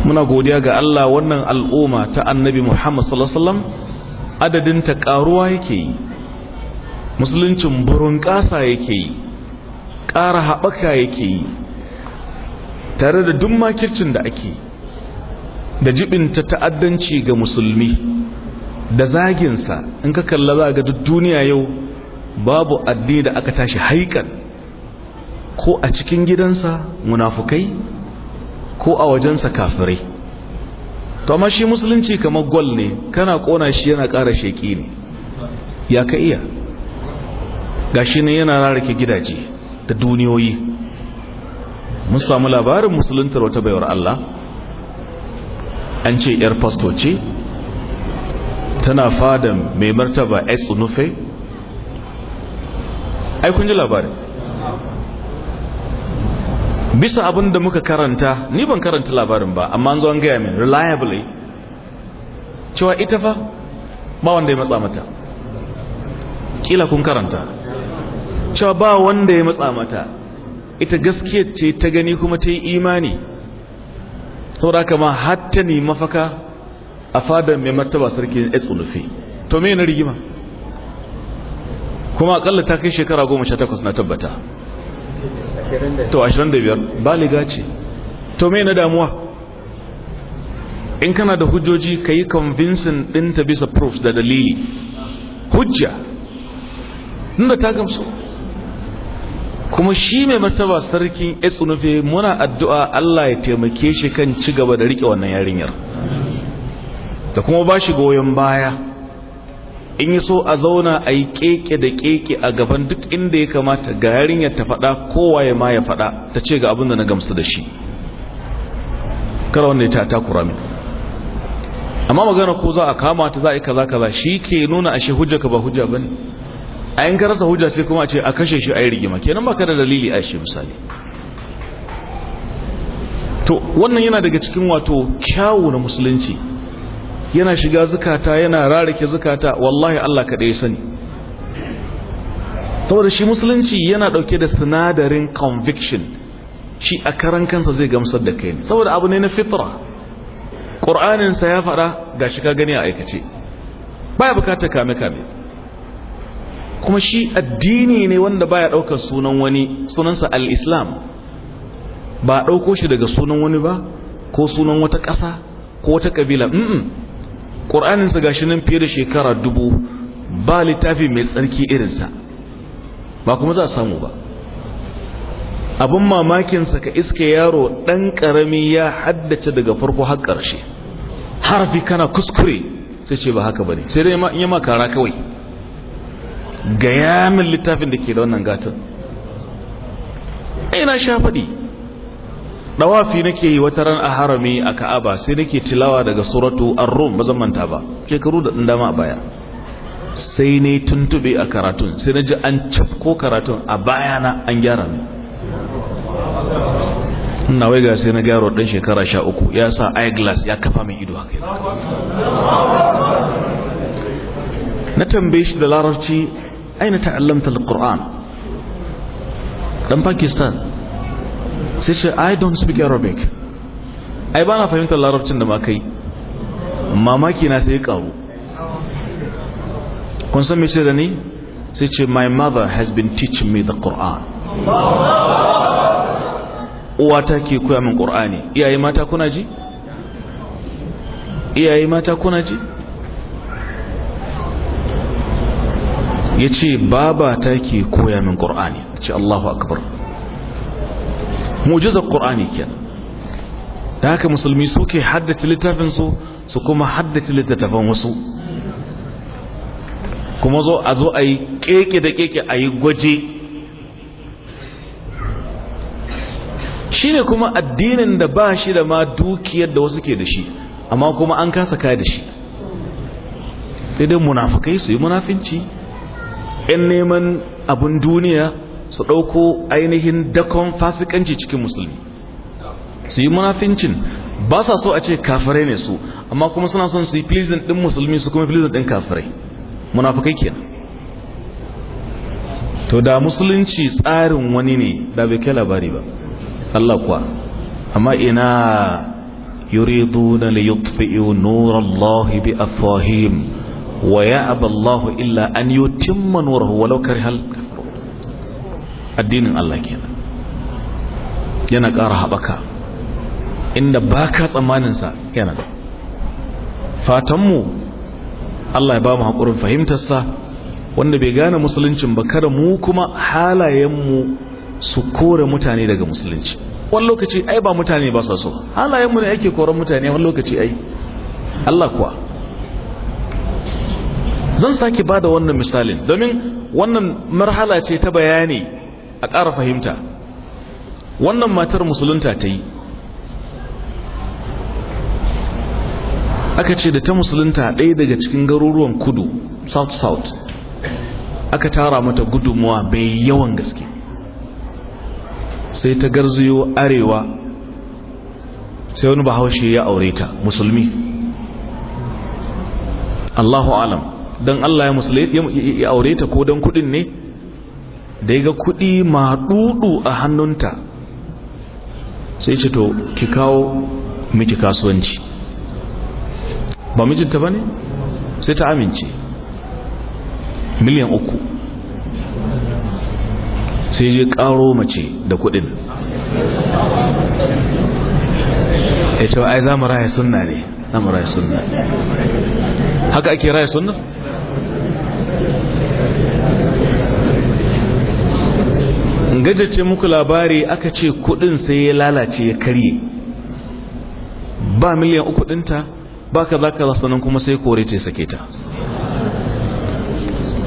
muna godiya ga Allah wannan al'umma ta annabi Muhammad sallallahu alaihi wasallam adadinta ƙaruwa yake yi musuluncin burin ƙasa yake yi ƙara haɓaka yake yi tare da duk makircin da ake da jibinta ta'addanci ga musulmi da zaginsa in ka kalla za ga duk duniya yau babu addini da aka tashi haikan ko a cikin gidansa munafukai ko a wajensa kafirai to amma shi musulunci kamar gwal ne kana kona shi yana ƙara sheƙi ne ya ka iya Ga shi ne yana rarrake gidaje da duniyoyi mun samu labarin musuluntar wata baiwar Allah an ce yar fasto ce tana fada mai martaba etsunufe ai kun ji labarin bisa abin da muka karanta ni ban karanta labarin ba amma an zo an gaya min reliably cewa ita fa ba wanda ya matsa mata kila kun karanta cewa ba wanda ya matsa mata ita gaskiyar ce ta gani kuma ta yi imani saboda kama hatta ne mafaka a fadar mai martaba sarki ya tsunufi to me na rigima kuma akalla ta kai shekara goma sha takwas na tabbata to 25 baliga ce to me na damuwa in kana da hujjoji ka yi convincing ɗinta bisa proofs da dalili hujja inda ta gamsu kuma shi mai martaba sarkin etsunufe muna addu'a Allah ya taimake shi kan ci gaba da riƙe wannan yarinyar da kuma ba shi goyon baya in yi so a zauna a yi keke da keke a gaban duk inda ya kamata ga yarinya ta faɗa kowa ya ma ya faɗa ta ce ga abin da na gamsu da shi kara wanda ya ta takura min amma magana ko za a kama ta za a yi kaza kaza shi ke nuna ashe hujja ka ba hujja ne a yin ka rasa hujja sai kuma a ce a kashe shi a yi rigima kenan baka da dalili a shi misali to wannan yana daga cikin wato kyawu na musulunci yana shiga zukata yana rarake zukata wallahi Allah kaɗai ya sani saboda shi musulunci yana ɗauke da sinadarin conviction shi a karan kansa zai gamsar da kai saboda abu ne na fitra ƙur'aninsa ya faɗa ga shi ka gani a aikace baya bukatar kame-kame kuma shi addini ne wanda baya ɗaukar sunan wani sunansa al-islam ba ɗauko shi daga sunan wani ba ko sunan wata ƙasa ko wata ƙabila mm ƙur'aninsa ga shi nan fiye da shekara dubu ba littafi mai tsarki irinsa ba kuma za a samu ba abin mamakinsa ka iske yaro ɗan ƙarami ya haddace daga farko har ƙarshe harafi kana kuskure sai ce ba haka ba ne sai dai in yi makara kawai ga yamin littafin da ke da wannan gatan ina sha faɗi dawafi nake yi wata ran a harami a ka'aba sai nake tilawa daga suratu ar-rum ba manta ba shekaru da dan dama baya sai ne tuntube a karatun sai na ji an cafko karatun a baya na an gyara ni ina waiga sai na gyara dan shekara sha uku ya sa glass ya kafa min ido haka na tambaye shi da larabci aina ta'allamta al-qur'an dan pakistan sai ce i don't speak arabic ai ba na fahimtar larabcin da ma kai mamaki na sai karu kun san me da ni sai ce my mother has been teaching me the quran uwata ke koya min qur'ani iyaye mata kuna ji iyaye mata kuna ji ya ce baba ta ke koya min qur'ani a ce allahu akbar mujizar ƙur'ani kenan da haka musulmi suke haddace littafinsu su kuma haddace littattafan wasu kuma zo a zo a yi keke da keke a yi gwaje shi ne kuma addinin da ba shi da ma dukiyar da wasu ke da shi amma kuma an kasa kaya da shi daidai munafukai su yi munafinci 'yan neman abin duniya su ɗauko ainihin dakon fasikanci cikin musulmi su yi munafincin ba sa so a ce kafirai ne su amma kuma suna son su yi filizin ɗin musulmi su kuma filizin ɗin kafirai munafukai kenan to da musulunci tsarin wani ne da bai kai labari ba Allah kuwa amma ina yuriduna li yutfi'u nurallahi bi afwahihim wa ya'ba Allahu illa an yutimma nurahu walau karihal addinin Allah kenan yana ƙara haɓaka inda ba ka tsammaninsa yana fatanmu Allah ya ba mu haƙurin fahimtarsa wanda bai gane musuluncin ba kada mu kuma halayenmu su kore mutane daga musulunci wani lokaci ai ba mutane ba sa so halayenmu ne ake koren mutane wani lokaci ai Allah kuwa zan sake ba da wannan misalin domin wannan marhala ce ta bayani a ƙara fahimta wannan matar musulunta ta yi aka ce da ta musulunta ɗaya daga cikin garuruwan kudu south south aka tara mata gudunmuwa bai yawan gaske sai ta garziyo arewa sai wani bahaushe ya aure ta musulmi allahu alam don allah ya aure ta ko don kudin ne da ya ga ma maɗuɗu a hannunta sai ce to ki kawo miki kasuwanci ba mijinta ba ne sai ta amince miliyan uku sai je karo mace da kudin ya ce ai za mu raya sunna ne za mu raya sunna haka ake raya sunna gajace muku labari aka ce kudin sai ya lalace ya karye ba miliyan uku dinta ba ka za ka nan kuma sai kore ce sake ta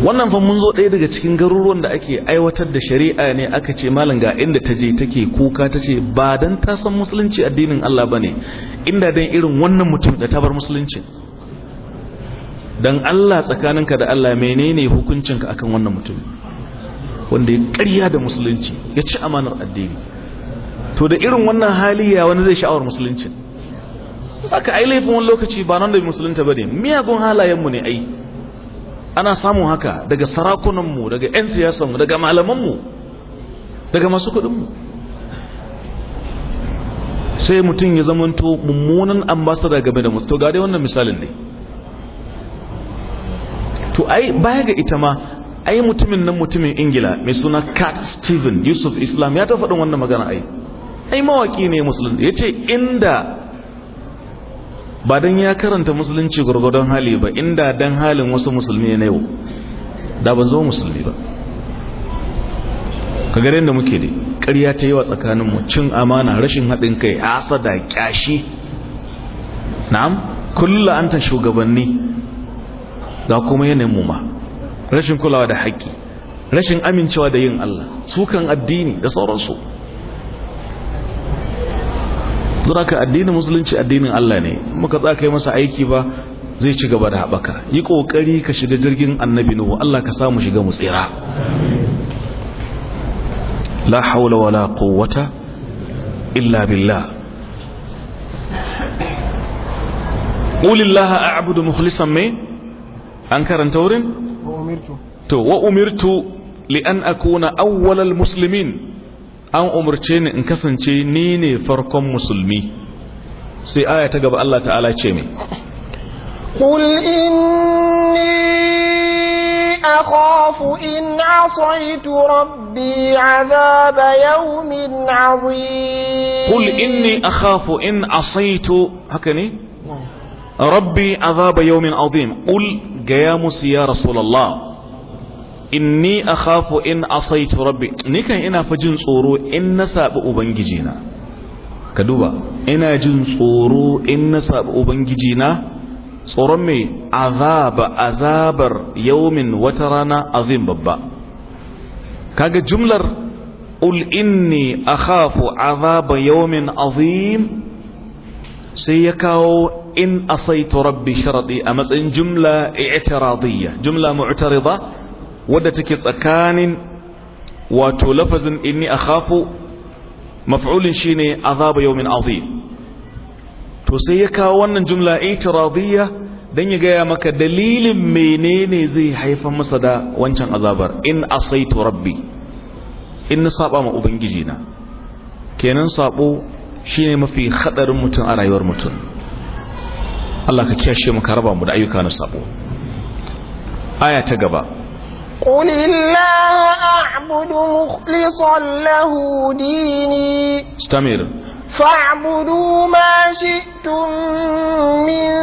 wannan fa mun zo ɗaya daga cikin garuruwan da ake aiwatar da shari'a ne aka ce malam ga inda ta je take kuka ta ce ba don ta san musulunci addinin Allah ba ne inda don irin wannan mutum da ta bar musulunci Don Allah tsakaninka da Allah menene hukuncinka akan wannan mutum wanda ya ƙarya da musulunci ya ci amanar addini to da irin wannan hali ya wani zai sha'awar musulunci aka ai laifin wani lokaci ba nan da musulunta ba ne miyagun halayenmu ne ai ana samun haka daga sarakunanmu daga 'yan siyasanmu daga malamanmu daga masu kudinmu sai mutum ya zamanto mummunan ambasada game da mutu to ga wannan misalin ne to ai baya ga ita ma ai mutumin nan mutumin ingila mai suna cat steven yusuf islam ya ta faɗin wannan magana ai ai mawaki ne musulun ya ce inda ba don ya karanta musulunci gwargwadon hali ba inda don halin wasu musulmi na yau da ban zo musulmi ba ka gare da muke ne ƙarya ta yi wa tsakaninmu cin amana rashin haɗin kai asada ƙyashi na'am kulla an ta shugabanni ga kuma yanayin mu ma rashin kulawa da haƙƙi rashin amincewa da yin Allah sukan addini da sauransu ka addinin musulunci addinin Allah ne muka tsaka yi masa aiki ba zai ci gaba da haɓaka yi ƙoƙari ka shiga jirgin annabi nuhu Allah ka samu shiga mu tsira la haula wala quwwata illa billah qul illaha a'budu mukhlishan min an karanta wurin وأمرت تو وأمرت لأن أكون أول المسلمين أن أمرتين إن كسنتي نيني فركم مسلمي سي آية تقب الله تعالى تشيمي قل إني أخاف إن عصيت ربي عذاب يوم عظيم قل إني أخاف إن عصيت هكني ربي عذاب يوم عظيم قل gaya musu ya rasulallah inni akhafu in asaitu rabbi nikan ina fa jin tsoro in na sabi ubangiji na ka duba ina jin tsoro in na sabi ubangiji na tsoron mai azaba azabar yaumin wata rana azim babba kaga jumlar ul inni akhafu azaba yaumin azim sai ya kawo in asaitu rabbi sharadi a matsayin jumla i'tiradiyya jumla mu'tarida wadda take tsakanin wato lafazin inni akhafu maf'ulin shine azaba yawmin azim to sai ya kawo wannan jumla i'tiradiyya dan ya gaya maka dalilin menene zai haifar masa da wancan azabar in asaitu rabbi in na saba ma ubangiji na kenan sabo shine mafi hadarin mutum a rayuwar mutum Allah ka kiyashe mu ka raba mu da ayyuka na sabo aya ta gaba qul illaha a'budu mukhlishan lahu dini stamir fa'budu ma shi'tum min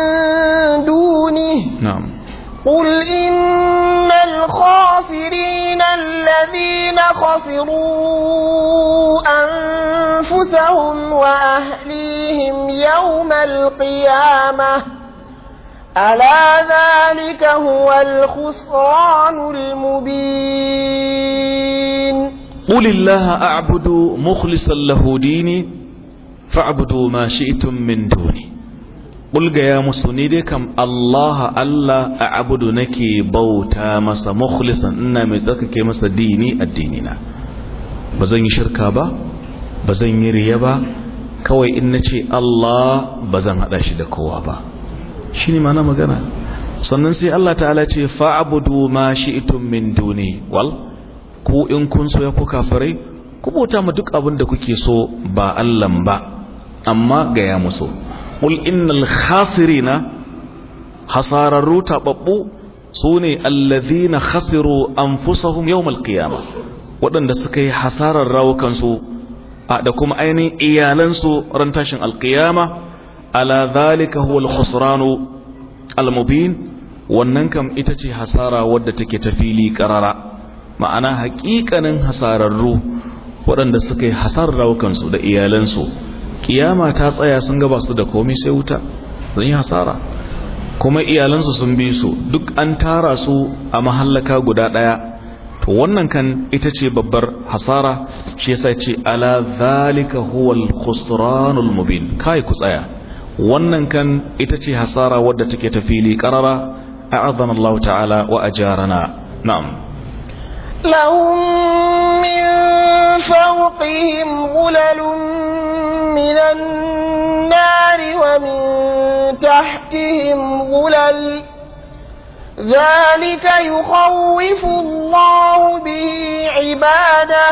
duni قل إن الخاسرين الذين خسروا أنفسهم وأهليهم يوم القيامة ألا ذلك هو الخسران المبين قل الله أعبد مخلصا له ديني فاعبدوا ما شئتم من دوني ƙulga musu ni dai kam Allah Allah a abudu nake bauta masa mukhlisan ina mai tsarkake masa dini addini na ba zan yi shirka ba ba zan yi riya ba kawai in ce Allah ba zan haɗa shi da kowa ba shi mana magana sannan sai Allah ta'ala ce fa'abudu ma shi'tum min duni wal ku in kun so ya ku kafirai ku bauta ma duk abin da kuke so ba Allah ba amma ga ya musu qul innal khasirina hasararru tababbu sune allazina khasiru anfusahum yau qiyamah waɗanda suka yi hasarar rawukansu da kuma ainihin iyalansu ran tashin alkiyama ala zalika huwa khusranu wannan kam ita ce hasara wadda take ta fili karara ma'ana hakikanin hasararru waɗanda suka yi hasarar rawukansu da iyalansu kiyama ta tsaya sun gaba su da komai sai wuta zan yi hasara kuma iyalansu sun bi su duk an tara su a mahallaka guda daya to wannan kan ita ce babbar hasara shi yasa ce ala zalika huwal khusranul mubin kai ku tsaya wannan kan ita ce hasara wadda take ta fili karara a'azana Allah ta'ala wa ajarana na'am lahum من فوقهم غلل من النار ومن تحتهم غلل ذلك يخوف الله به عباده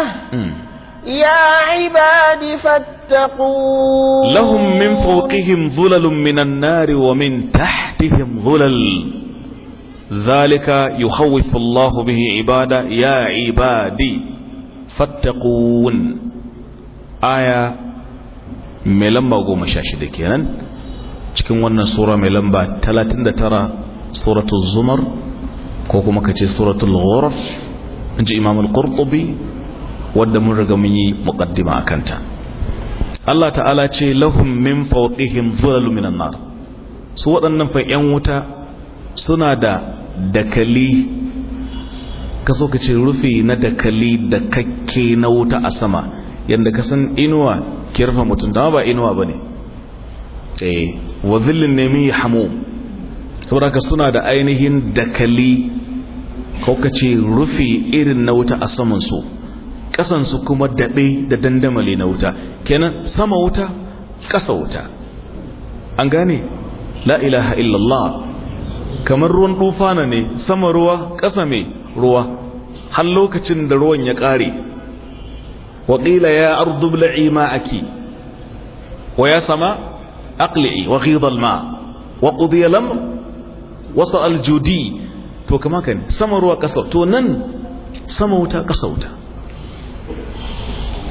يا عباد فاتقون لهم من فوقهم ظلل من النار ومن تحتهم ظلل ذلك يخوف الله به عباده يا عبادي fattaqun aya mai lamba goma sha shida kenan cikin wannan sura mai lamba talatin da tara suratul zumar ko kuma ka ce suratul ghuraf in ji imam al wadda mun riga mun yi muqaddima a kanta Allah ta'ala ce lahum min fawqihim dhulalu minan nar su waɗannan fa yan wuta suna da dakali ka so ka ce rufi na dakali da kakke na wuta a sama yadda ka san inuwa ki rufe mutum dama ba inuwa ba ne eh wa zillin nemi hamo saboda ka suna da ainihin dakali ko ka ce rufi irin na wuta a samansu kasansu kuma daɓe da dandamali na wuta kenan sama wuta ƙasa wuta an gane la ilaha illallah kamar ruwan ɗufana ne sama ruwa ƙasa mai ruwa har lokacin da ruwan ya ƙare waƙila ya ardub la'i ma'aki wa ya sama aqli'i wa ghidal ma wa qudiya lamr wasa aljudi to kama kan sama ruwa ƙasa to nan sama wuta ƙasa wuta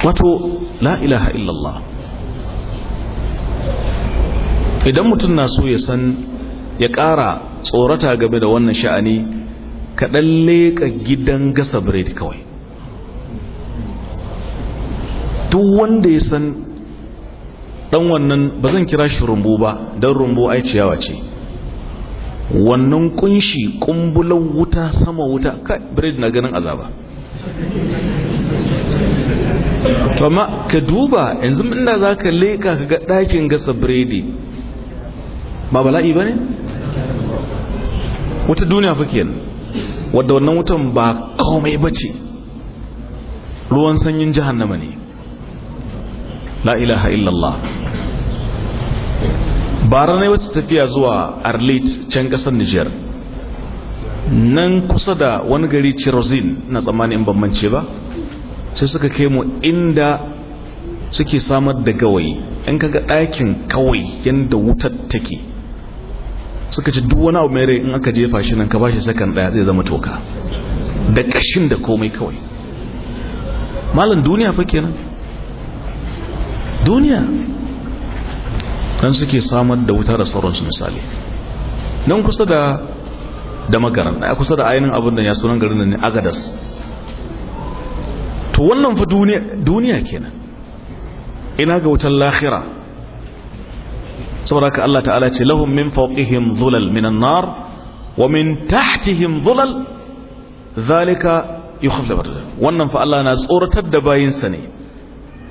wato la ilaha illallah idan mutum na so ya san ya ƙara tsorata game da wannan sha'ani ka leƙa gidan gasa biredi kawai duk wanda ya san ɗan wannan ba zan kira shi rumbu ba don rumbu ai ciyawa ce wannan kunshi kumbulan wuta sama wuta ka biredi na ganin azaba to ka duba yanzu inda za ka leka ka ga ɗakin gasa biredi ba bala'i ba wata duniya fa wadda wannan wutan ba komai bace ruwan sanyin jahannama ne la ilaha illallah bara ne wata tafiya zuwa arlit can kasar niger nan kusa da wani gari cirozin na tsammanin ban ba sai suka kai mu inda suke samar da gawayi in kaga ɗakin kawai yadda wutar take suka ce duk wani abu mai rai in aka jefa shi nan ka ba shi sakan daya zai zama toka da kashin da komai kawai malam duniya fa kenan duniya nan suke samar da wuta da sauransu misali nan kusa da da makaran a kusa da ainihin abin da ya sunan garin nan ne agadas to wannan fa duniya kenan ina ga wutar lahira saboda haka Allah ta'ala ce lahum min fawqihim dhulal minan nar wa min tahtihim dhulal zalika yukhaf labar wannan fa Allah na tsoratar da bayinsa ne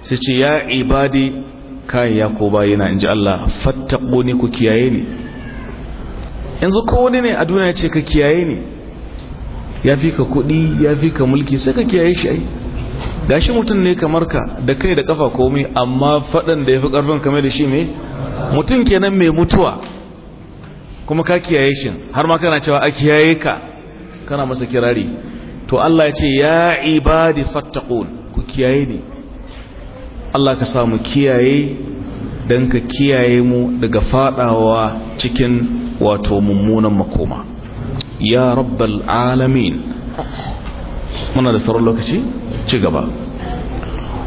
sai ce ya ibadi kai ya ko bayina inji Allah fattaquni ku kiyaye ni yanzu ko wani ne a duniya ce ka kiyaye ni ya fi ka kuɗi ya fi ka mulki sai ka kiyaye shi ai gashi mutum ne kamar ka da kai da kafa komai amma faɗan da ya fi ƙarfin kamar da shi mai mutum kenan mai mutuwa kuma ka kiyaye shi har ma kana cewa a kiyaye ka kana masa kirari to Allah ya ce ya ibadi fattaqun ku kiyaye ni Allah ka samu kiyaye dan ka kiyaye mu daga fadawa cikin wato mummunan makoma ya rabbal alamin muna da sauran lokaci ci gaba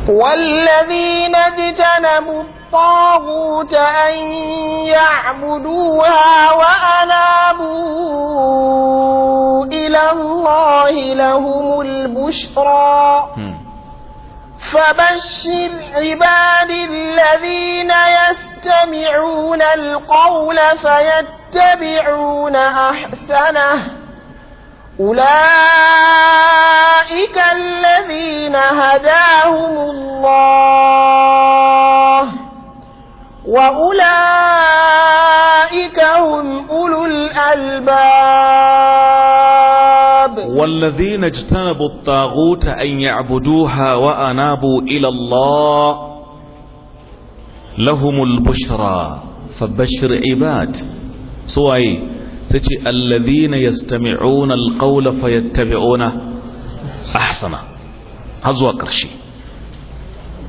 والذين اجتنبوا الطاغوت أن يعبدوها وأنابوا إلى الله لهم البشرى فبشر عباد الذين يستمعون القول فيتبعون أحسنه أولئك الذين هداهم الله وأولئك هم أولو الألباب والذين اجتنبوا الطاغوت أن يعبدوها وأنابوا إلى الله لهم البشرى فبشر عباد سوى تجي الذين يستمعون القول فيتبعونه أحسنه هزوا قرشي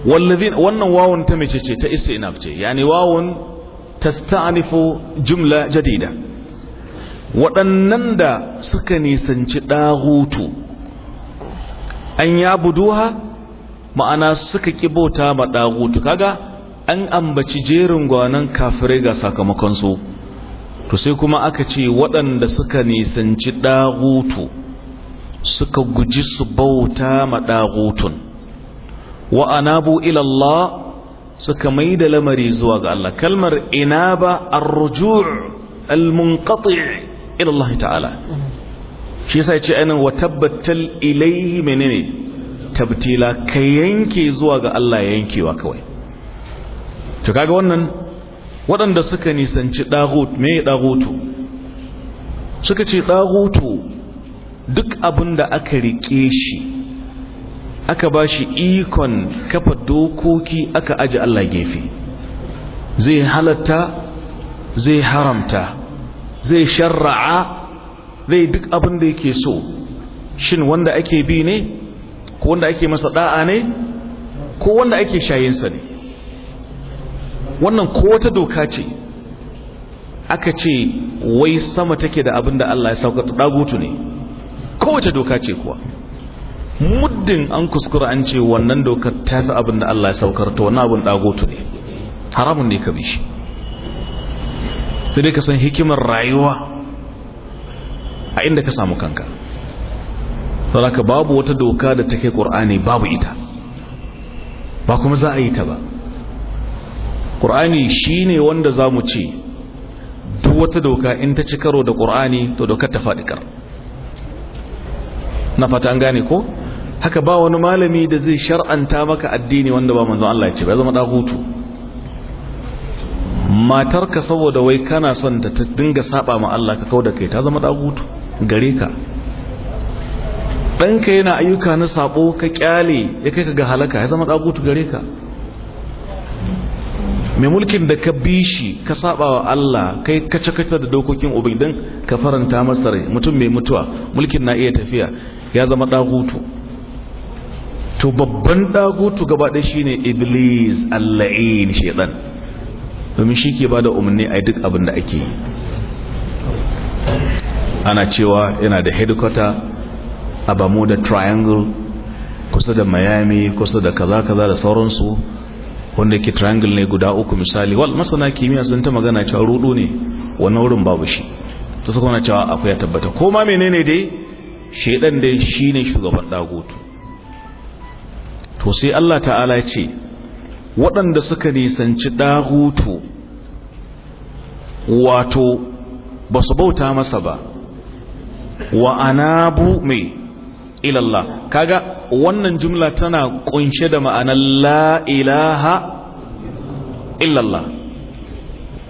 wallazina wannan wawun ta mece ce ta istinaf ce yani wawun tasta'nifu jumla jadida waɗannan da suka nisanci dahutu an yabuduha ma'ana suka kibota ma dahutu kaga an ambaci jerin gwanan kafirai ga sakamakonsu to sai kuma aka ce waɗanda suka nisanci dahutu suka guji su bauta ma dahutun wa anabu ila suka mai da lamari zuwa ga Allah kalmar inaba ar-ruju' al-munqati' ila Allah ta'ala shi yasa yace anan wa tabbatal ilayhi menene tabtila ka yanke zuwa ga Allah yankewa kawai to kaga wannan waɗanda suka nisanci dagut me dagutu suka ce dagutu duk abinda aka rike shi aka ba shi ikon kafa dokoki aka aji Allah gefe zai halatta zai haramta zai sharra'a zai duk abin da yake so shin wanda ake bi ne ko wanda ake masa da'a ne ko wanda ake shayinsa ne wannan ko wata doka ce aka ce wai sama take da abin da Allah ya sauka ɗagutu ne kowace doka ce kuwa muddin an kuskura an ce wannan dokar ta fi abin da Allah ya saukar ta wannan abin dagoto ne haramun ne ka bi shi sai dai ka san hikimar rayuwa a inda ka samu kanka saboda babu wata doka da take qur'ani babu ita ba kuma za a yi ta ba ƙur'ani shine wanda zamu ce duk wata doka in ta ci karo da Qur'ani to dokar ta faɗi kar na fata an gane ko haka ba wani malami da zai shar'anta maka addini wanda ba manzon Allah ya ce ba zama dagutu matarka saboda wai kana son ta dinga saba ma Allah ka kauda kai ta zama hutu gare ka ɗanka yana ayyuka na sabo ka kyale ya kai ka ga halaka ya zama hutu gare ka mai mulkin da ka bi shi ka saba wa Allah kai kace kace da dokokin ubangidan ka faranta masa rai mutum mai mutuwa mulkin na iya tafiya ya zama hutu to babban dagutu gaba ɗaya shine iblis allain shaitan domin shi ke bada umarni a duk abin da ake yi ana cewa yana da headquarter a bermuda triangle kusa da miami kusa da kaza-kaza da sauransu wanda ke triangle ne guda uku misali wal masana kimiyya sun ta magana cewa rudu ne wannan wurin babu shi ta suka cewa akwai ya tabbata ko ma menene dai shaidan dai shine shugaban dagutu to sai Allah ta'ala ce waɗanda suka nisanci ɗahutu wato ba su bauta masa ba wa anabu mai ilallah kaga wannan jumla tana kunshe da ma'anar la'ilaha illallah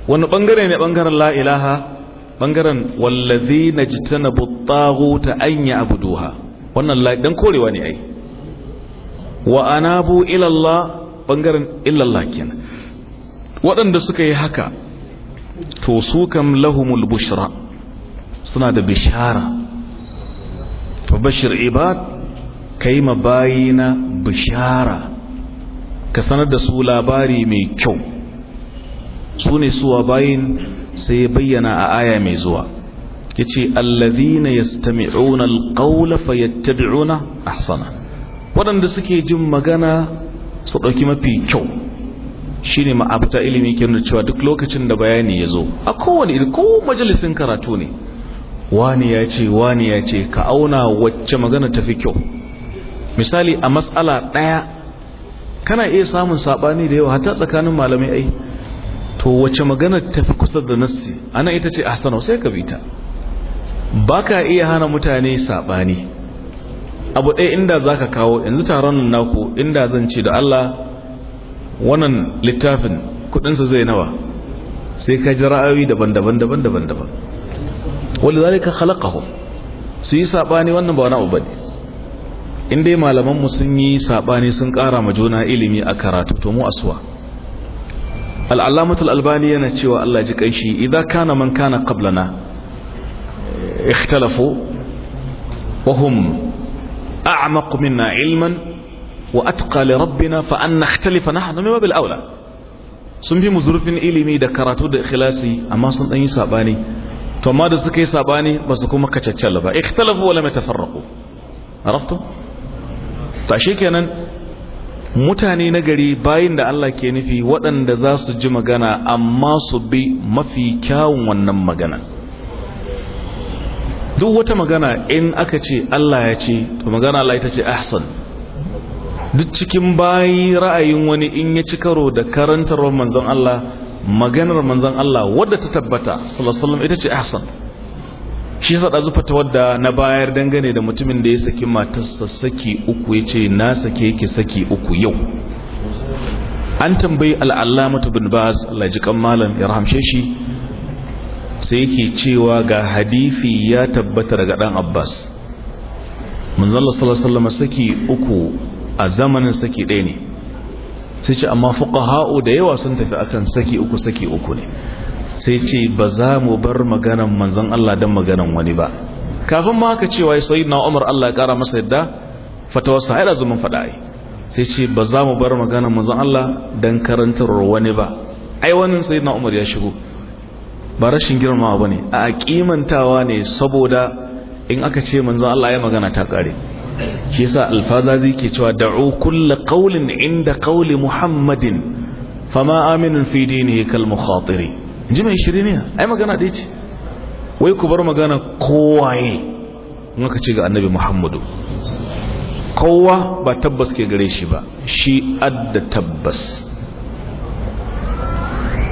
wani bangare ne ɓangaren la'ilaha? Ɓangaren. bangaren wallazi na jitana buttahu ta anya abu abuduha wannan la dan korewa ne ai wa anabu ilallah bangaren illallah kenan waɗanda suka yi haka to su kam lahumul bushra suna da bishara fa bashir ibad kai mabayina bishara ka sanar da su labari mai kyau su ne suwa bayin sai ya bayyana a aya mai zuwa ya ce allazina yastami'una alqawla fayattabi'una ahsana waɗanda suke jin magana su ɗauki mafi kyau shi ne ma'abta ilimi ke nuna cewa duk lokacin da bayani ya zo a kowane iri ko majalisin karatu ne wani ya ce wani ya ce ka auna wacce magana tafi kyau misali a matsala ɗaya kana iya samun saɓani da yawa hata tsakanin malamai ai to wacce magana tafi kusa da nassi ana ita ce a sai ka bi ta ba ka iya hana mutane saɓani abu ɗaya inda za ka kawo yanzu taron naku inda zan ce da Allah wannan littafin kudinsa zai nawa sai ka ji ra'ayoyi daban-daban daban-daban daban wani zai ka halakahu su yi saɓani wannan ba wani abu ba ne inda yi malamanmu sun yi saɓani sun ƙara ma juna ilimi a karatu to mu asuwa al'allamatul albani yana cewa Allah ji ƙanshi idan kana man kana qablana ikhtalafu wahum أعمق منا علما وأتقى لربنا فأن نختلف نحن من باب الأولى sun fi mu zurfin ilimi da karatu da ikhlasi amma sun dan yi sabani to amma da suka yi sabani ba su kuma kacaccala ba ikhtalafu wala matafarraqu arafto ta kenan mutane na gari bayin da Allah ke nufi waɗanda za su ji magana amma su bi mafi kyawun wannan magana duk wata magana in aka ce Allah ya ce to magana Allah ita ce ahsan duk cikin bayi ra'ayin wani in ya ci karo da karantarwar manzon Allah maganar manzon Allah wadda ta tabbata sallallahu alaihi ita ce ahsan shi yasa da ta wadda na bayar dangane da mutumin da ya saki matarsa saki uku ya ce na sake ki saki uku yau an tambayi al'allamatu bin baz Allah ji kan malam ya rahamshe shi sai yake cewa ga hadifi ya tabbata daga dan abbas manzala salasalama saki uku a zamanin saki ɗaya ne sai ce amma fuqaha'u da yawa sun tafi akan saki uku saki uku ne sai ce ba za mu bar maganan manzon Allah dan maganan wani ba kafin ma haka cewa sayyidina Umar Allah ya kara masa yadda fatawarsa haida da zumun fadai sai ce ba za mu bar maganan manzon Allah dan karantar wani ba ai wannan sayyidina Umar ya shigo ba rashin girma ba ne. a kimantawa ne saboda in aka ce manzan Allah ya magana ta kare shi yasa alfazazi ke cewa da'u kullu qawlin inda qawli muhammadin fama aminun fi dinihi kal mukhatiri ji mai shiriniya ai magana da ce wai ku bar magana kowaye in aka ce ga annabi muhammadu kowa ba tabbas ke gare shi ba shi adda tabbas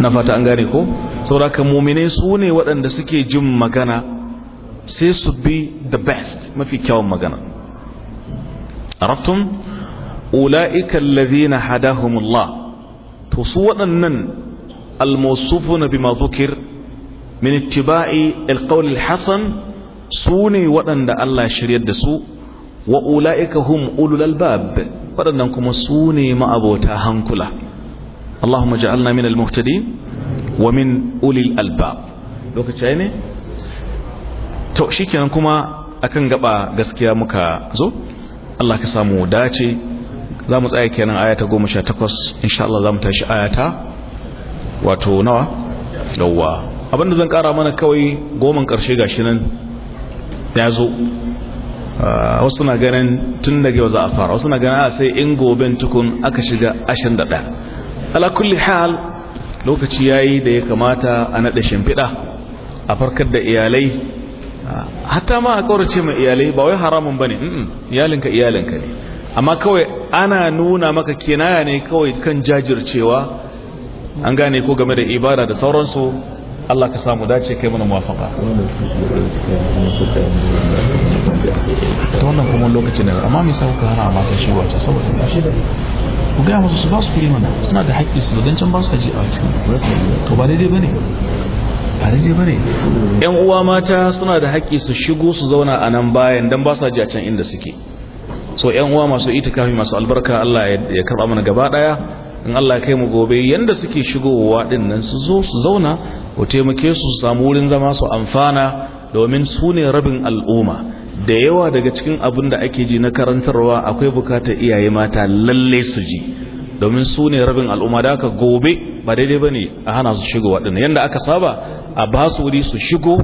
na fata an gane ko sauraka muminai su ne waɗanda suke jin magana sai su bi the best mafi kyawun magana arabtun ula'ikan lazina hadahumullah to su waɗannan almasufu na bima minitiba'i min ittiba'i alqawlil hasan su ne waɗanda Allah shiryar da su wa ula'ika hum ulul albab waɗannan kuma su ne ma'abota hankula Allahumma ja'alna min al-muhtadin wa min ulil albab lokaci ne to shikenan kuma akan gaba gaskiya muka zo Allah ka samu dace za mu tsaya kenan ayata 18 insha Allah za mu tashi ayata wato nawa yawwa abinda zan kara mana kawai goman karshe gashi nan ya zo ah, wasu na ganin tun daga yau za a fara wasu na ganin a sai in goben tukun aka shiga 21 ala kulli hal lokaci yayi da ya kamata a naɗa shimfiɗa a farkar da iyalai hatta ma a kaurace ma iyalai ba wai haramun bane iyalinka iyalinka ne amma kawai ana nuna maka kenaya ne kawai kan jajircewa an gane ko game da ibada da sauransu Allah ka samu dace kai mana muwafaka ta wannan kuma lokacin da amma mai sauka hana ta shi wata saboda ba shi da ku gaya masu su ba su fili mana suna da haƙƙi su da can ba su aji a cikin to ba daidai ba ne ba daidai ba ne yan uwa mata suna da haƙƙi su shigo su zauna a nan bayan don ba su aji a can inda suke so yan uwa masu itikafi masu albarka Allah ya karɓa mana gaba ɗaya in Allah ya kai mu gobe yanda suke shigowa ɗin nan su zo su zauna ku taimake su su samu wurin zama su amfana domin su ne rabin al'umma da yawa daga cikin abin da ake ji na karantarwa akwai bukatar iyaye mata lalle su ji domin su ne rabin al'umma da aka gobe ba daidai ba ne a hana su shigo waɗanda yadda aka saba a ba su wuri su shigo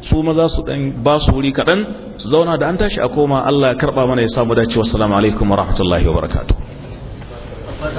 su maza su ɗan ba su wuri kaɗan su zauna da an tashi a koma allah ya karɓa mana ya samu dacewa salamu alaikum wa rahmatullahi wa barakatuh